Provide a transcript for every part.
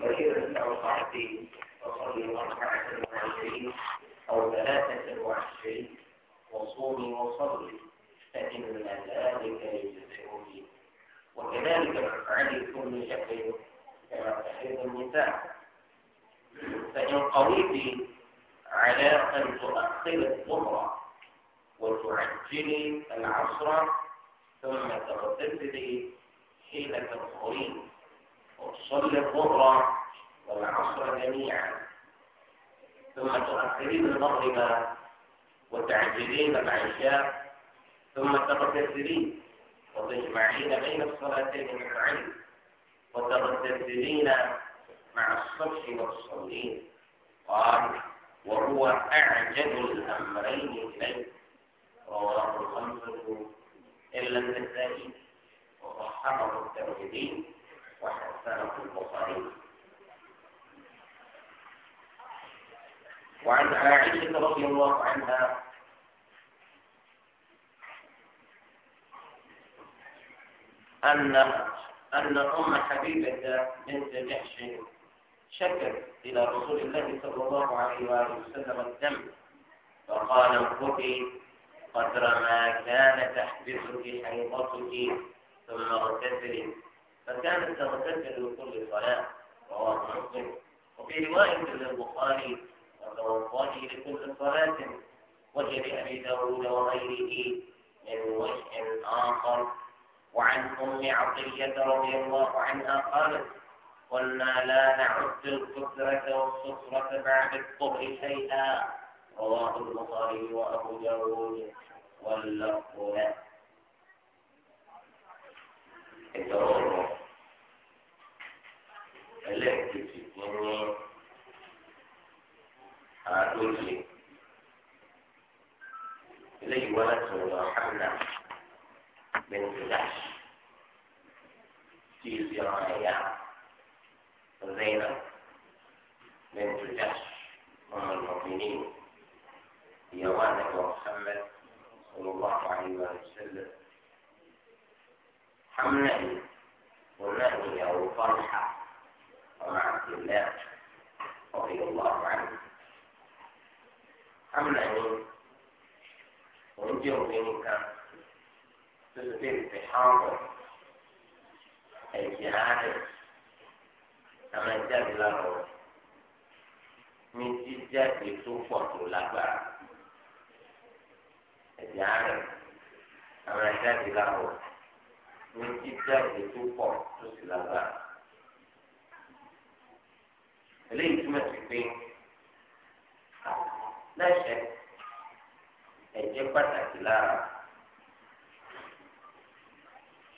وشيرة أو صحبي أربعة وعشرين أو ثلاثة وعشرين وصومي وصلي فإن ذلك يجزئني وكذلك افعلي كل شيء كما تحيض النساء فإن قويت على أن الظهر وتعجلي العصر ثم تغتسلي حين تظهرين وتصلي الظهر والعصر جميعا ثم تؤخرين المغرب وتعجلين العشاء ثم تغتسلين وتجمعين بين الصلاتين العلم وتغتسلين مع الصبح والصلين قال وهو أعجب الأمرين إليه رواه الخمسة إلا النسائي وصححه الترمذي وعن عائشة رضي الله عنها أن أن أم حبيبة بنت جحش شكت إلى رسول الله صلى الله عليه وآله وسلم الدم فقال انظري قدر ما كان تحبسك حيضتك ثم اغتسلي فكانت تغتسل لكل صلاة رواه مسلم وفي رواية للبخاري وتوضأي لكل صلاة وجد أبي داود وغيره من وجه آخر وعن أم عطية رضي الله عنها قالت قلنا لا نعد الكثرة والسفرة بعد الطهر شيئا رواه البخاري وأبو داود واللفظ له. ẹlẹ́ẹ̀kejì ní ní eléyìí wá láti ọ̀nà hànà bẹ́ńtìláṣì tí ó sì ọ̀nà ẹ̀yà zẹ́nà bẹ́ńtìláṣì ọmọ ìmọ̀bìnrin ìyàwó àlẹ́kọ̀ọ́ mohammed sallallahu alayhi wa sallam hamlẹ̀ ìyàwó fọ́nà. عبد الله رضي الله عنه أما أني ونجر منك تثبت بحاضر الجهاد أما جاب له من جدة سوفة لبا الجهاد أما جاب له من جدة سوفة لبا eléyìí túmọ̀ sí pé lẹ́sẹ̀ ẹ̀jẹ̀ pàtàkì lára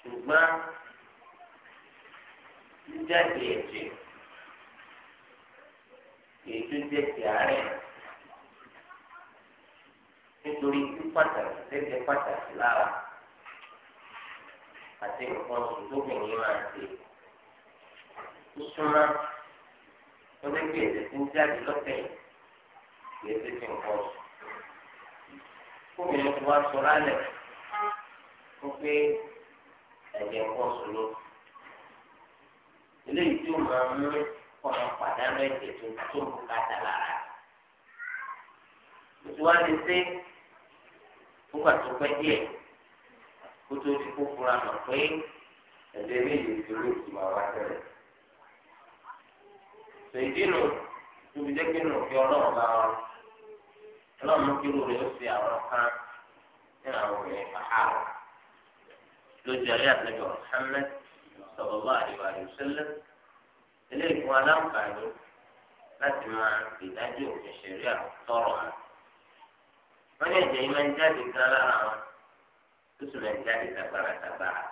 ṣùgbọ́n jíjáde ẹ̀jẹ̀ èyí tó jẹ́ ti àárẹ̀ nítorí kí pàtàkì lẹ́jẹ̀ pàtàkì lára àti nǹkan oṣù tó bìnrin máa ṣe ó súnmọ́ ó lé pé èdè tí ń jáde lọ́tẹ̀ yìí èdè tí ń kọ́ sùn. Fúnmi ló ti wá sọ lálẹ́ fún pé ẹ̀jẹ̀ ń kọ́ sùn ló. Eléyìí tí ó máa mú ọ̀nà pàdánù ẹ̀jẹ̀ tó tó ń bùkátà lára. Mo ti wá lè ṣe fúgbà tó pẹ́ díẹ̀ kó tó ti kó fura mọ̀ pé ẹ̀jẹ̀ méjì ti ló ti wá tẹ̀lé sèdínù tóbi jẹ́ kí nù fi ọlọ́run bá wọn ọlọ́run mú kí lóore ó fi àwọn kan nínú àwọn obìnrin fàhálà lójú ayé àtẹjọ Muhammad sọlọ́lá àdìwà àdìsẹ́lẹ̀ eléyìí fún aláǹfààní láti máa ìdájọ́ òfin ṣẹ̀ríà tọrọ mọ́ wọ́n ní ẹ̀jẹ̀ yìí máa kan lára wọn tó sì máa ń tàgbàràtàgbàrà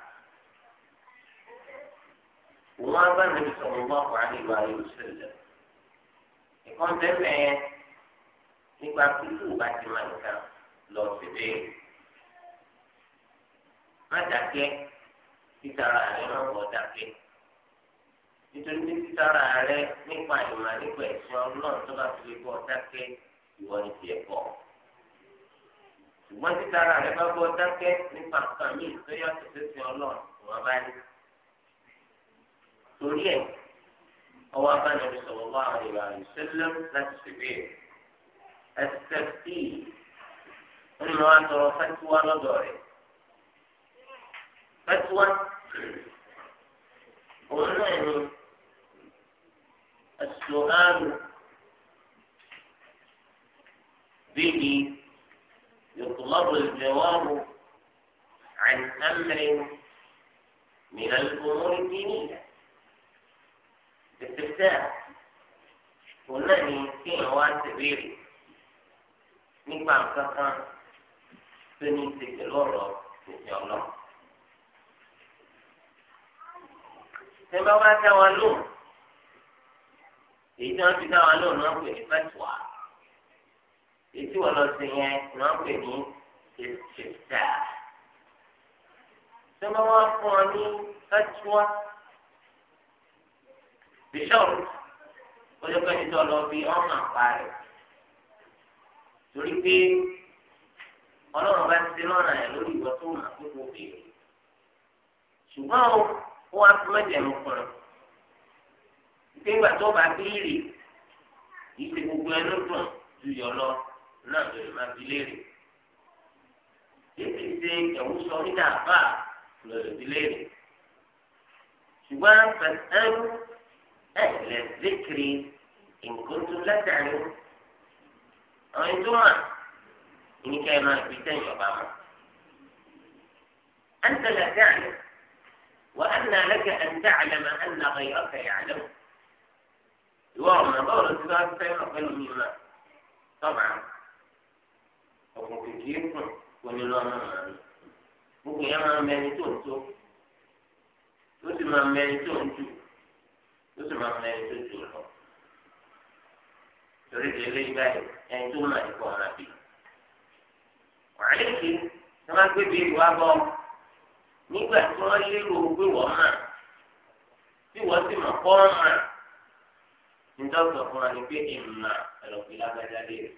wọ́n bá nàbí sọ̀rọ̀ bá wà ní ìwà yóò ṣẹlẹ̀. ìkan tẹ́lẹ̀ yẹn nípa pípò bá ti máa nǹkan lọ sí bẹ́ẹ̀. má dàkẹ́ títara rẹ̀ má bọ̀ dàkẹ́. nítorí pé títara rẹ̀ nípa ìmọ̀ nípa ẹ̀sìn ọlọ́run tó bá fi lè bọ̀ dàkẹ́ ìwọ ni tiẹ̀ bọ̀. ṣùgbọ́n títara rẹ̀ bá bọ̀ dàkẹ́ nípa nǹkan míì tó yàtọ̀ sí ọlọ́run ìwọ̀n bá ní. تريد هو قال النبي صلى الله عليه وسلم نفس به الترتيب أن ترى فتوى نظري فتوى ومعني السؤال به يطلب الجواب عن أمر من الأمور الدينية استفتاء òun náà ni kéèyàn wá ṣèbéèrè nípa nǹkan kan tó ní ṣe pẹ̀lú ọ̀rọ̀ ìṣẹ̀ ọlọ́. ṣé bá wá dá wa lóhùn èyí tí wọ́n fi dá wa lóhùn náà pè ní fẹ́tùwà èyí tí wọ́n lọ sí yẹn náà pè ní ìṣẹ̀ṣẹ̀ tó bá wá fún ọ ní fẹ́tùwà bishọp olùkọ́ ìjọ lọ bí ọmọ àpárẹ̀ torí pé ọlọ́run bá ti ṣe lọ́nà ẹ̀ lórí ìwọ tó mà tó kò béèrè ṣùgbọ́n ó wá fún ẹ̀jẹ̀ ló kọ̀ pé ìgbà tó bá béèrè yìí ṣe gbogbo ẹnu dùn ju yọ lọ náà ló lè máa fi léèrè yìí ti ẹ̀wù sọ nígbà àbá lọ́dọ̀ fi léèrè ṣùgbọ́n pẹ̀lú أهل الذكر إن كنتم لا تعلمون أنتم إن كان ربيتين يا أنت لا تعلم وأن لك أن تعلم أن غيرك يعلم يوم دور الزواج سيما قل مما طبعا أقول كيف كل لون ممكن يا ما ماني تونتو تونتو ما tó sì máa fún ẹni tó jù lọ torí ti eléyìí báyìí ẹni tó máa nípa ọ̀nà bí. wàhálà kí máa gbé bí ìwà bọ́ nígbà tí wọ́n lérò pé wọ́n mà tí wọ́n sì mọ̀ kọ́ mà nítorí fún wa ni pé ìmà ẹ̀rọ̀pì lágbájá lè rè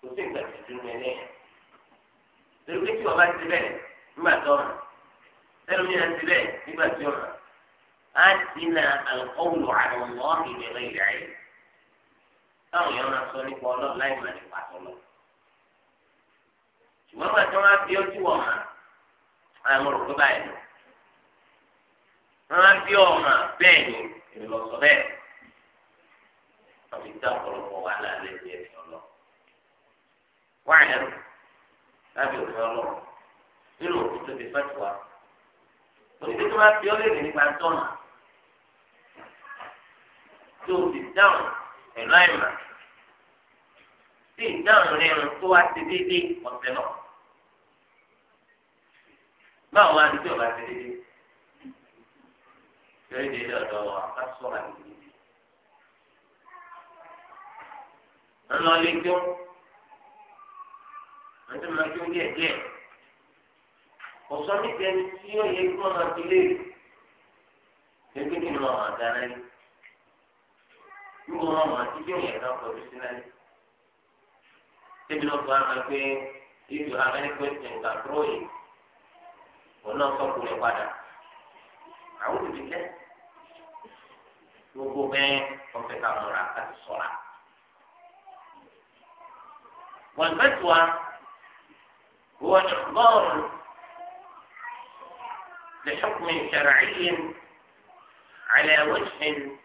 kò sí ìgbà tuntun ní ẹlẹ́yìn torí pé tí wọ́n bá ti bẹ́ẹ̀ nígbà tó mà ẹlòmíràn ti آتنا القول على الله بغير علم táwọn èèyàn máa sọ nípa ọlọ́run láì máa nípa tọ́lọ́ ṣùgbọ́n nígbà tí wọ́n á fi ojú ọ̀mà àwọn olùkọ́ báyìí lọ wọ́n á fi ọ̀mà bẹ́ẹ̀ ni èmi lọ sọ bẹ́ẹ̀ àbí tá ọ̀pọ̀lọpọ̀ wà lálẹ́ ní ẹ̀mí ọlọ́ wáyé lábẹ́ òfin ọlọ́run nínú òfin tó fi fẹ́ tó wa òfin tó máa fi ọlẹ́rìí nípa tọ́nà tó o dáhùn pẹ̀lú àìmọ̀ tí ìdáhùn rẹ̀ ń tó wá ti dédé ọ̀sẹ̀ náà. báwo wá ní tí o bá ti dédé? ìṣòro ìdílé ọ̀dọ́ wa ká sọ̀rọ̀ àgbègbè. ńlọ lé jó wọ́n ti máa jó díẹ̀ díẹ̀ ọ̀sán níbi ẹni tí ó yẹ kí wọ́n máa fi léèrè gbégbé kí ni wọ́n máa dáná yìí tí mo rán màá títí òyìn náà pẹ̀lú sínárì. Débi náà fún àwọn pé if you have any question can throw it. Òun náà sọ kúrẹ́ padà. Àwọn olùdíjẹ́ gbogbo bẹ́ẹ̀ ọ̀fẹ́ ká múra láti sọ̀ra. Wàlúùfẹ́tùwà wọ́n ní bọ́ọ̀lù lè ṣọ́kùnrin ṣẹ̀rẹ̀ àyè على وجه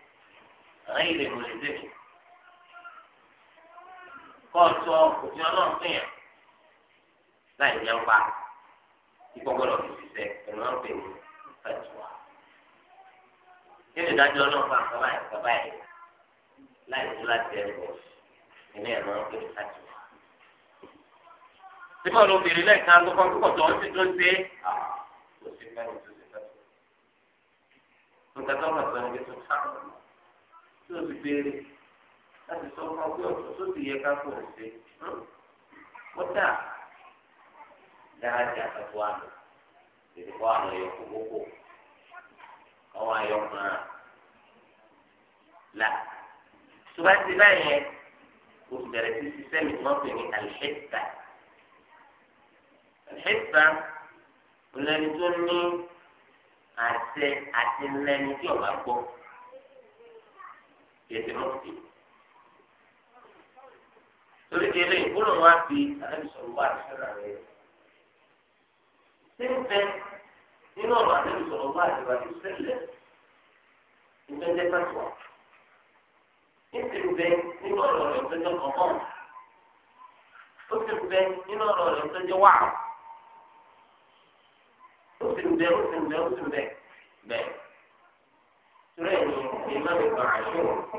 غير ملزم kóòtù òfin ọlọ́run fún yàn láì ní ọgbà ikú gbọ́dọ̀ fi ṣiṣẹ́ ẹ̀rọ ń pè ní fẹ̀tùwà. nínú ìdájọ́ ọlọ́run fún àkàbà yẹn kàbà yẹn láì tó láti ẹ̀rọ nínú ẹ̀rọ ń pè ní fẹ̀tùwà. síbẹ̀ olóbìnrin lẹ́ẹ̀ka tó kọ́ púpọ̀ tó ń ti tó ṣe é. kò sí fẹ́ẹ́ tó ṣe fẹ́ẹ́ nǹkan tó ń bọ̀ sọ tí o ti béèrè láti sọ fún ọ pé ọ̀tún tó ti yẹ ká kó o ṣe kódà hmm? dáradì àtàkùn àná èdè kọ́ àwọn ẹ̀yọkọ̀ gbogbo àwọn ẹ̀yọkọ̀ náà là tó bá ti báyẹn o ti bẹ̀rẹ̀ sí ṣiṣẹ́ mi wọ́n pè ní àlùfẹ́tà àlùfẹ́tà olùlẹ́ni tó ní àṣẹ àti lẹ́ni tí ọba gbọ́ yẹtẹ mọ́tì. torí kele ìkúlò wá fi ànábì sọ̀rọ̀ wá àdìsọ́nà rẹ̀. síbẹ̀ nínú ọ̀rọ̀ ànábì sọ̀rọ̀ wá àdìsọ́nà sẹ́lẹ̀ ìgbẹ́jẹ́ pàtó. níbẹ̀ nínú ọ̀rọ̀ rẹ̀ ìgbẹ́jẹ́ kọ̀ọ̀kan. ó ti bẹ nínú ọ̀rọ̀ rẹ̀ ìgbẹ́jẹ́ wà. ó ti bẹ ó ti bẹ ó ti bẹ bẹ́ẹ̀. سوري الإمام ابن عاشور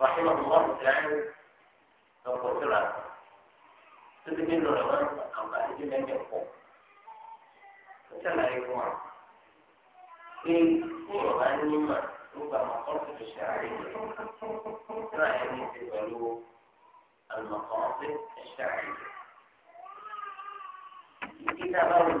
رحمه الله تعالى أبو سرعة تدري إنه لمن أم بعد من يقوم فسمع يقوم في سورة عن مما ربما مقاصد الشعرية ما يعني تقولوا المقاصد الشاعرية الكتاب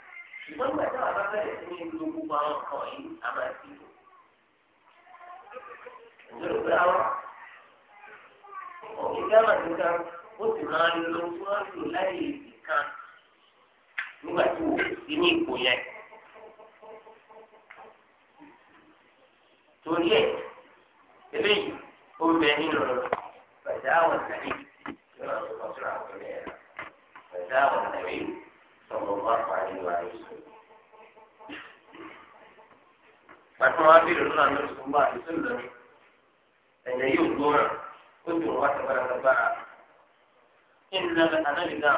ṣùgbọ́n nígbà tí àwọn abẹ́rẹ́ sí ní lo gbogbo àwọn kan yìí a máa ti lò. ìjọba ìgbà wa òkè gáàmà nìkan ó sì máa ń lo tí wọ́n láyé ìdí kan nígbà tí wò sí ní ipò yẹn. torí ẹ̀ eléyìí ó bẹ nínú bàtà àwọn sàlẹ̀ ìjọba ìgbà tó ra àwọn ẹ̀rọ bàtà àwọn sàlẹ̀ ìjọba ìgbà tó ra àwọn pàtó wọn bí lòlú náà ló ti fún bá àdúgbò lónìí ẹ̀jẹ̀ yóò gbóná ó dùn wá tabarabara ìnáwó anábì náà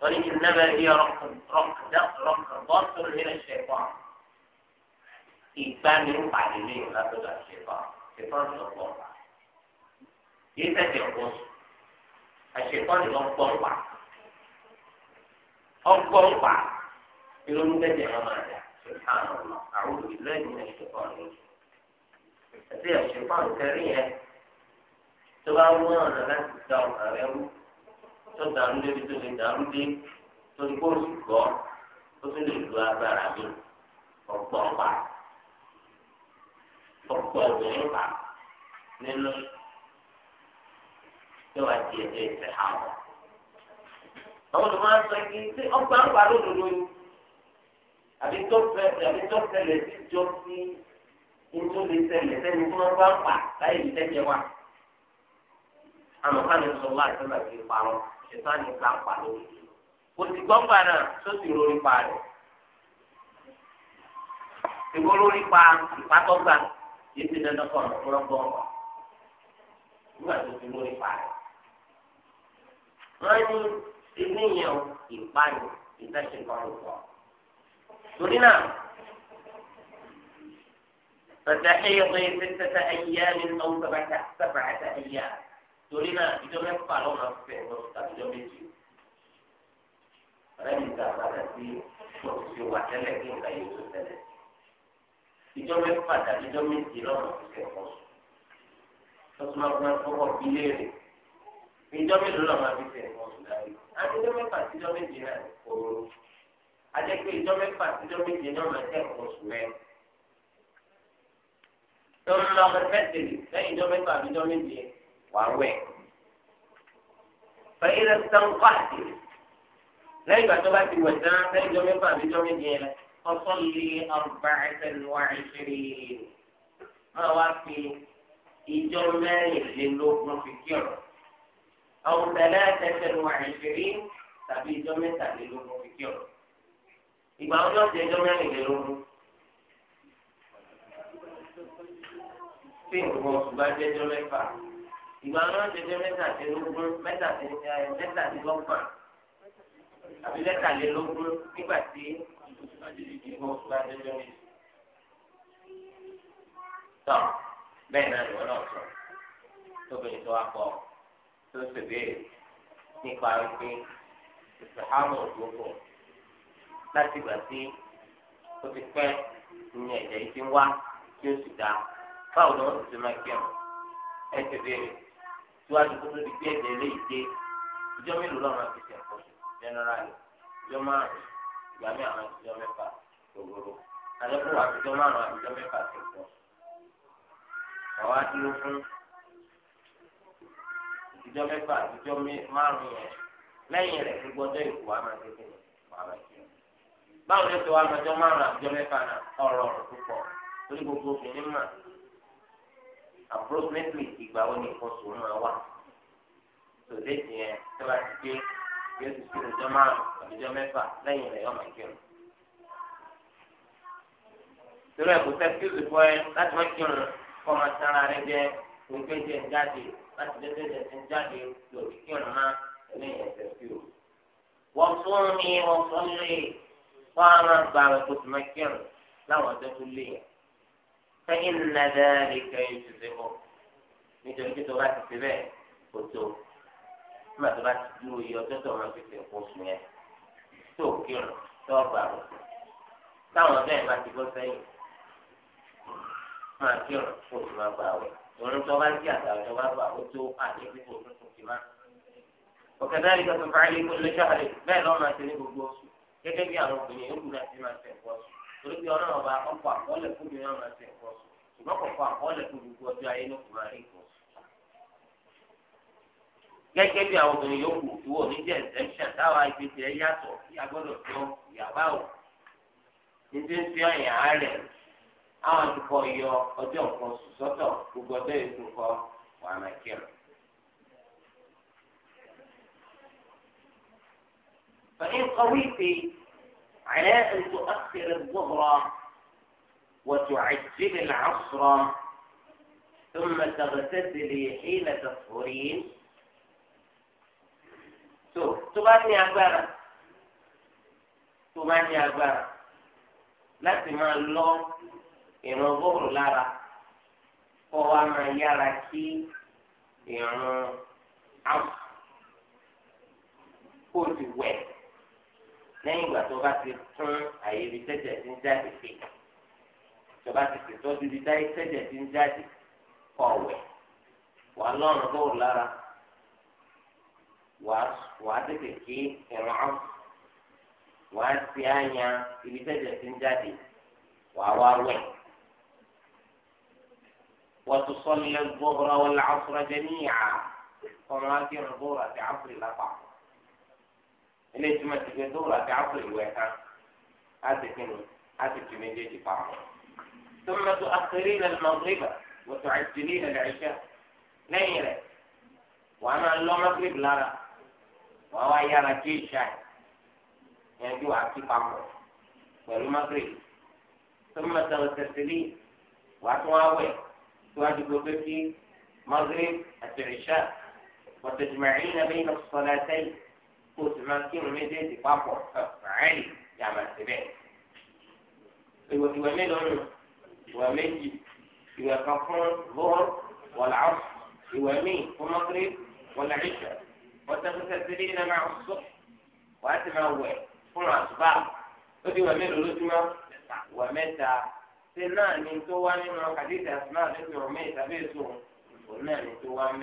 wọ́n ní ìnáwó ẹ̀yẹ rọ̀kọ̀dọ́sọ̀rọ̀ nílẹ̀ ṣẹ̀kọ́ ìgbani ń pàdé ní ìlú látọ̀dọ̀ ṣẹ̀kọ́ ṣẹ̀kọ́ ṣọ̀kọ́ yìí tẹ̀sẹ̀ ọ̀pọ̀ àṣẹ̀kọ́ ni wọ́n seko seko soko yii tese opo aseko ni won pa ọgbọ́n pa ìlú ń tẹ̀sẹ̀ ọmọ àdá. سبحان الله أعوذ بالله من الشيطان الرجيم الشيطان كريه تبعونا ناس تدعو أريم تدعو لبي تدعو لبي تدعو سكو تدعو لبي أبارابي ọ̀pọ̀ọ̀pà ọ̀pọ̀ obìnrin pa nínú tí wàá di ẹ̀jẹ̀ ìfẹ́ hàn. àwọn tí ọgbà ń pa lódodo àbí tó fẹ́ àbí tó tẹ̀lẹ̀ sí jọ sí nítorí lè tẹ̀lẹ̀ sẹ́ni tí wọ́n bá ń pa láyé yìí tẹ̀jẹ̀ wa. àmọ̀ká ni sọ̀rọ̀ láti sọ̀rọ̀ àti ìparọ́ ṣètò àti ìgbà pa lórí. kò sì gbọ́ gbà náà tó sì lórí pa rẹ̀. ìwọ lórí pa ìpátọ́gbà yìí ti dandan kọ̀ lọ́pọ̀lọpọ̀ ọ̀gbà. nígbà tó ti lórí pa rẹ̀. wọ́n ní ilé yẹn ìpànìyàn ìtẹ̀síkọ̀ lọ́pọ̀ torí náà فتحيض ستة أيام أو سبعة سبعة أيام torí náà ìjọ mẹ́fà lọ́nà fẹ́ lọ tàbí ìjọ méjì ọ̀rẹ́ mi gbà padà sí òṣìṣẹ́ wà tẹ́lẹ̀ kí nǹkan yóò tó tẹ́lẹ̀ ìjọ mẹ́fà tàbí ìjọ méjì lọ́nà fẹ́ lọ lọ́sùn máa gbọ́n fọwọ́ bí léèrè ìjọ mélòó lọ́nà fi fẹ́ lọ sùn dárí àti ìjọ mẹ́fà sí ìjọ méjì náà kò rọrùn àjẹpé ìjọ mẹ́fà síjọ méje ní ọmọ ẹsẹ oṣù rẹ tó ń lọ mẹtẹlẹ lẹ́yìn ìjọ mẹ́fà síjọ méje wà wẹ fẹyìlẹ sanwó àti lẹ́yìn ìgbà tó bá ti wẹ tán lẹ́yìn ìjọ mẹ́fà síjọ méje rẹ ọsàn lè ọgbà ẹsẹ wà ìṣeré máa wá fi ìjọ mẹ́rìnlélógún fi kí ọ̀rọ̀ àwọn tẹlẹ ẹsẹ wà ìṣeré tàbí ìjọ mẹ́tàlélógún fi kí ọ̀rọ̀ ìgbà wọn yóò jẹ ẹjọ́ mẹ́rìnlélógún tí nǹkan oṣù bá jẹ ẹjọ́ mẹ́fà ìgbà wọn yóò jẹ ẹjọ́ mẹ́tàdínlógún mẹ́tàdínlọ́gbọ̀n àbí mẹ́tàlélógún nígbà tí nǹkan oṣù bá jẹ ẹjọ́ mẹ́fà. tọ́ bẹ́ẹ̀ náà ni wọ́n náà sọ tóbi tó wá kọ tó ṣèbéèrè nípa wípé ìsèhámù òdòdó láti gbà sí ó ti pẹ́ ní ẹ̀jẹ̀ yìí ti ń wá tí ó sì dá báwo ni wọ́n ti máa kírun ẹ ti béèrè síwájú kó tó di pé ẹ̀jẹ̀ eléyìí dé ìjọ mélòó lọ́wọ́ máa fi ṣe ẹ̀kọ́ jẹ́nẹ́rálì ìjọ márùn-ún ìgbà mí àwọn ìjọ mẹ́fà gbogbo àlékún wà ìjọ márùn-ún àti ìjọ mẹ́fà ti pọ̀ àwa dúró fún ìjọ mẹ́fà àti márùn-ún yẹn lẹ́yìn rẹ̀ gbogbo ọjọ́ ìkú wa máa ṣe báwo ló ti wá lọ́jọ́ márùn-ún àjọ mẹ́fà náà ọ̀rọ̀ ọ̀rọ̀ púpọ̀ torí gbogbo obìnrin mà approximately ìgbà wo ni nǹkan sòrò máa wà tòde tiẹ̀ tó bá ti dé yóò ti sí ọjọ́ márùn-ún àjọ mẹ́fà lẹ́yìn rẹ̀ ọmọ ìkírun torí ẹ̀kú sẹ́kíùsì fún ẹ láti má kírun kọ́ máa sára rẹ jẹ gbogbo ẹ̀jẹ̀ ń jáde láti dẹ́dẹ́ ẹ̀jẹ̀ ń jáde lòdì kírun náà ẹlẹ́yìn ẹ̀sẹ̀ kírun wọn á máa gba àwọn kòtò máa kírun láwọn ọjọ́ tó lé yẹn fẹyìn nàdá nìkan yìí ti ṣe bọ nítorí pé tó bá ti ṣe bẹ́ẹ̀ kò tó nígbà tó bá ti dúró yẹ ọjọ́ tó máa fi ṣe nǹkan oṣù yẹn tó kírun tó ọgbà rẹ táwọn ọjọ́ yẹn bá ti bọ́ sẹ́yìn máa kírun kó o sì máa gbà wẹ̀ òun tó bá ń kí àtàwọn ọjọ́ bá gbà ó tó àní pípò tuntun ti má. ọ̀kadà ìgbà tó bá yẹ kó lè ṣàlẹ̀ bẹ́ẹ̀ lọ́ọ́ máa ṣe ní gbogbo oṣù gẹ́gẹ́ bí àwọn obìnrin yòókù náà ti máa ṣe nǹkan sùn torí pé ọ̀nà ọba ọkọ̀ àkọọ́lẹ̀ fún mi náà máa ṣe nǹkan sùn ṣùgbọ́n kọ̀ọ̀kan àkọọ́lẹ̀ fún gbogbo ọjọ́ ayé ló kù máa rí nǹkan sùn. gẹ́gẹ́ bí àwọn obìnrin yòókù ìwọ oníjẹ́ exemption táwa ibi tí ẹ yàtọ̀ kí a gbọ́dọ̀ tó ìyàbá ò ní tí ń fi ọ̀yàn àárẹ̀ àwọn àtúkọ yọ ọjọ́ nǹkan sùn sọ́tọ̀ gbogbo ọjọ́ ètò kọ فإن قويت على أن تؤخر الظهر وتعجل العصر ثم تغتسلي حين تطهرين تباني أكبر تباني أكبر لا تمان لو إنه ظهر لارا هو ما يرى كي إنه عصر قلت وين lẹ́yìn ìgbà tó bá ti fún àyè ibi tẹ́jẹ̀ ti ń jáde pé tó bá ti ṣètọ́jú ibi tẹ́jẹ̀ ti ń jáde kọ̀wẹ̀ wàá lọ́rùn bóòrù lára wàá tètè kí ìrun án wàá ti àyà ibi tẹ́jẹ̀ ti ń jáde wàá wá wẹ̀. وتصلي الظهر والعصر جميعا وما في الظهر في عصر الأطعم ilé ìtumọ̀ ti fi dóòlù àti ápùlù ìwẹ̀ kan á ti kí ni á ti tu méjèèjì papọ̀. tó mẹ́tò akéré ilẹ̀ mọ̀gírìbà wọ́tò àìsílẹ̀ ilẹ̀ àìsíà lẹ́yìn rẹ̀ wàá máa lọ mọ́gírìbì lára wàá wá yára kí ìṣá yẹn bí wàá kí papọ̀ pẹ̀lú mọ́gírìbì tó mẹ́tò tẹ̀sílẹ̀ wàá tún wá wẹ̀ síwájú gbogbo kí mọ́gírìbì àti ìṣá wọ́tò jùmọ̀ kó o sì máa kírun méjèèjì papọ̀ ẹ̀fẹ̀rẹ́lì yàrá síbẹ̀. ìwẹ̀ ìwẹ̀ mélòó nù ìwẹ̀ méjì ìwẹ̀ kan fún lóhùn wọ̀lá ìwẹ̀ míì fún mọ́kírí wọ̀lá ìṣẹ̀ wọ́tẹ́fẹ́sẹ̀ sílé iná máa ń sọ wàá ti máa wẹ̀ fún àtúbà ó di ìwẹ̀ mélòó lójúmọ́ ìwẹ̀ mẹ́ta ṣe náà ni tó wá nínú àdìsí àtúnà àdìsí ọ̀mẹ́ ìtàbí èso òun náà ni tó wá ń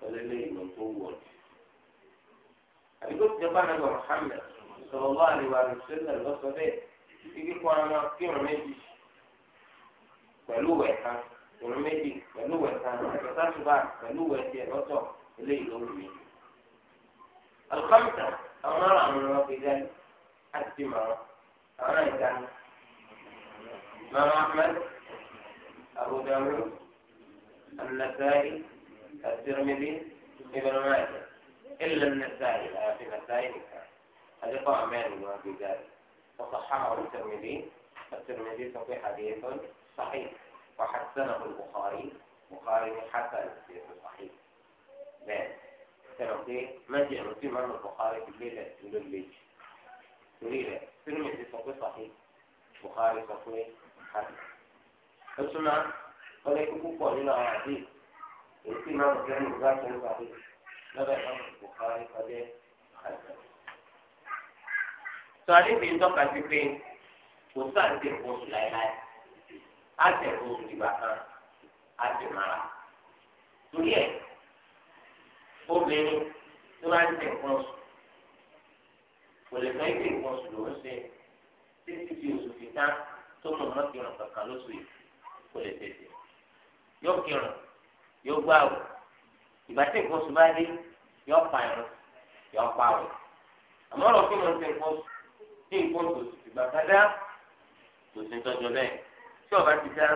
فلديه من قوة أيضا جبانا محمد صلى الله عليه وسلم الغصبة يجي قوانا في عميدي فلوه ها عميدي فلوه ها فتاش بعد فلوه تي غصب اللي يقول الخمسة أمر أن نوفي ذلك أتما أنا إذا إمام أحمد أبو داود النسائي الترمذي ابن ماجه إلا النسائي في النسائي هذا طبعا ما في ذلك وصححه الترمذي الترمذي في حديث صحيح وحسنه البخاري البخاري حسن في صحيح لا تنقي ما جاء في من البخاري في الليلة الليلة الليلة الترمذي في صحيح البخاري صحيح حسن ثم قال كوكو قولنا عزيز èyí máa ń fẹ́ ní ìgbà tó ń parí lọ́dọ̀ ìbámu kò parí kọjá àgbà. sọ àdébìí ń tọ́ka sí pé kò sáà ń láéláé á tẹ̀ ìgbà kan á mara. torí ẹ̀ obìnrin tó bá ń tẹ̀ oṣù kò lè fẹ́ tẹ̀ oṣù lòún ṣe títí di oṣù fi tán tó mọ̀ mọ́ kírun kankan lóṣù yìí kò lè tètè yóò kírun yóò gbà wò ìgbà tí nǹkan oṣù bá dé yóò pa ẹ̀rọ yóò pa wò àmọ́ ọ̀rọ̀ kí mo ti nǹkan oṣù tí nǹkan oṣù ti gbà ká dá kò sí tọ́jú bẹ́ẹ̀ tí ọba ti dá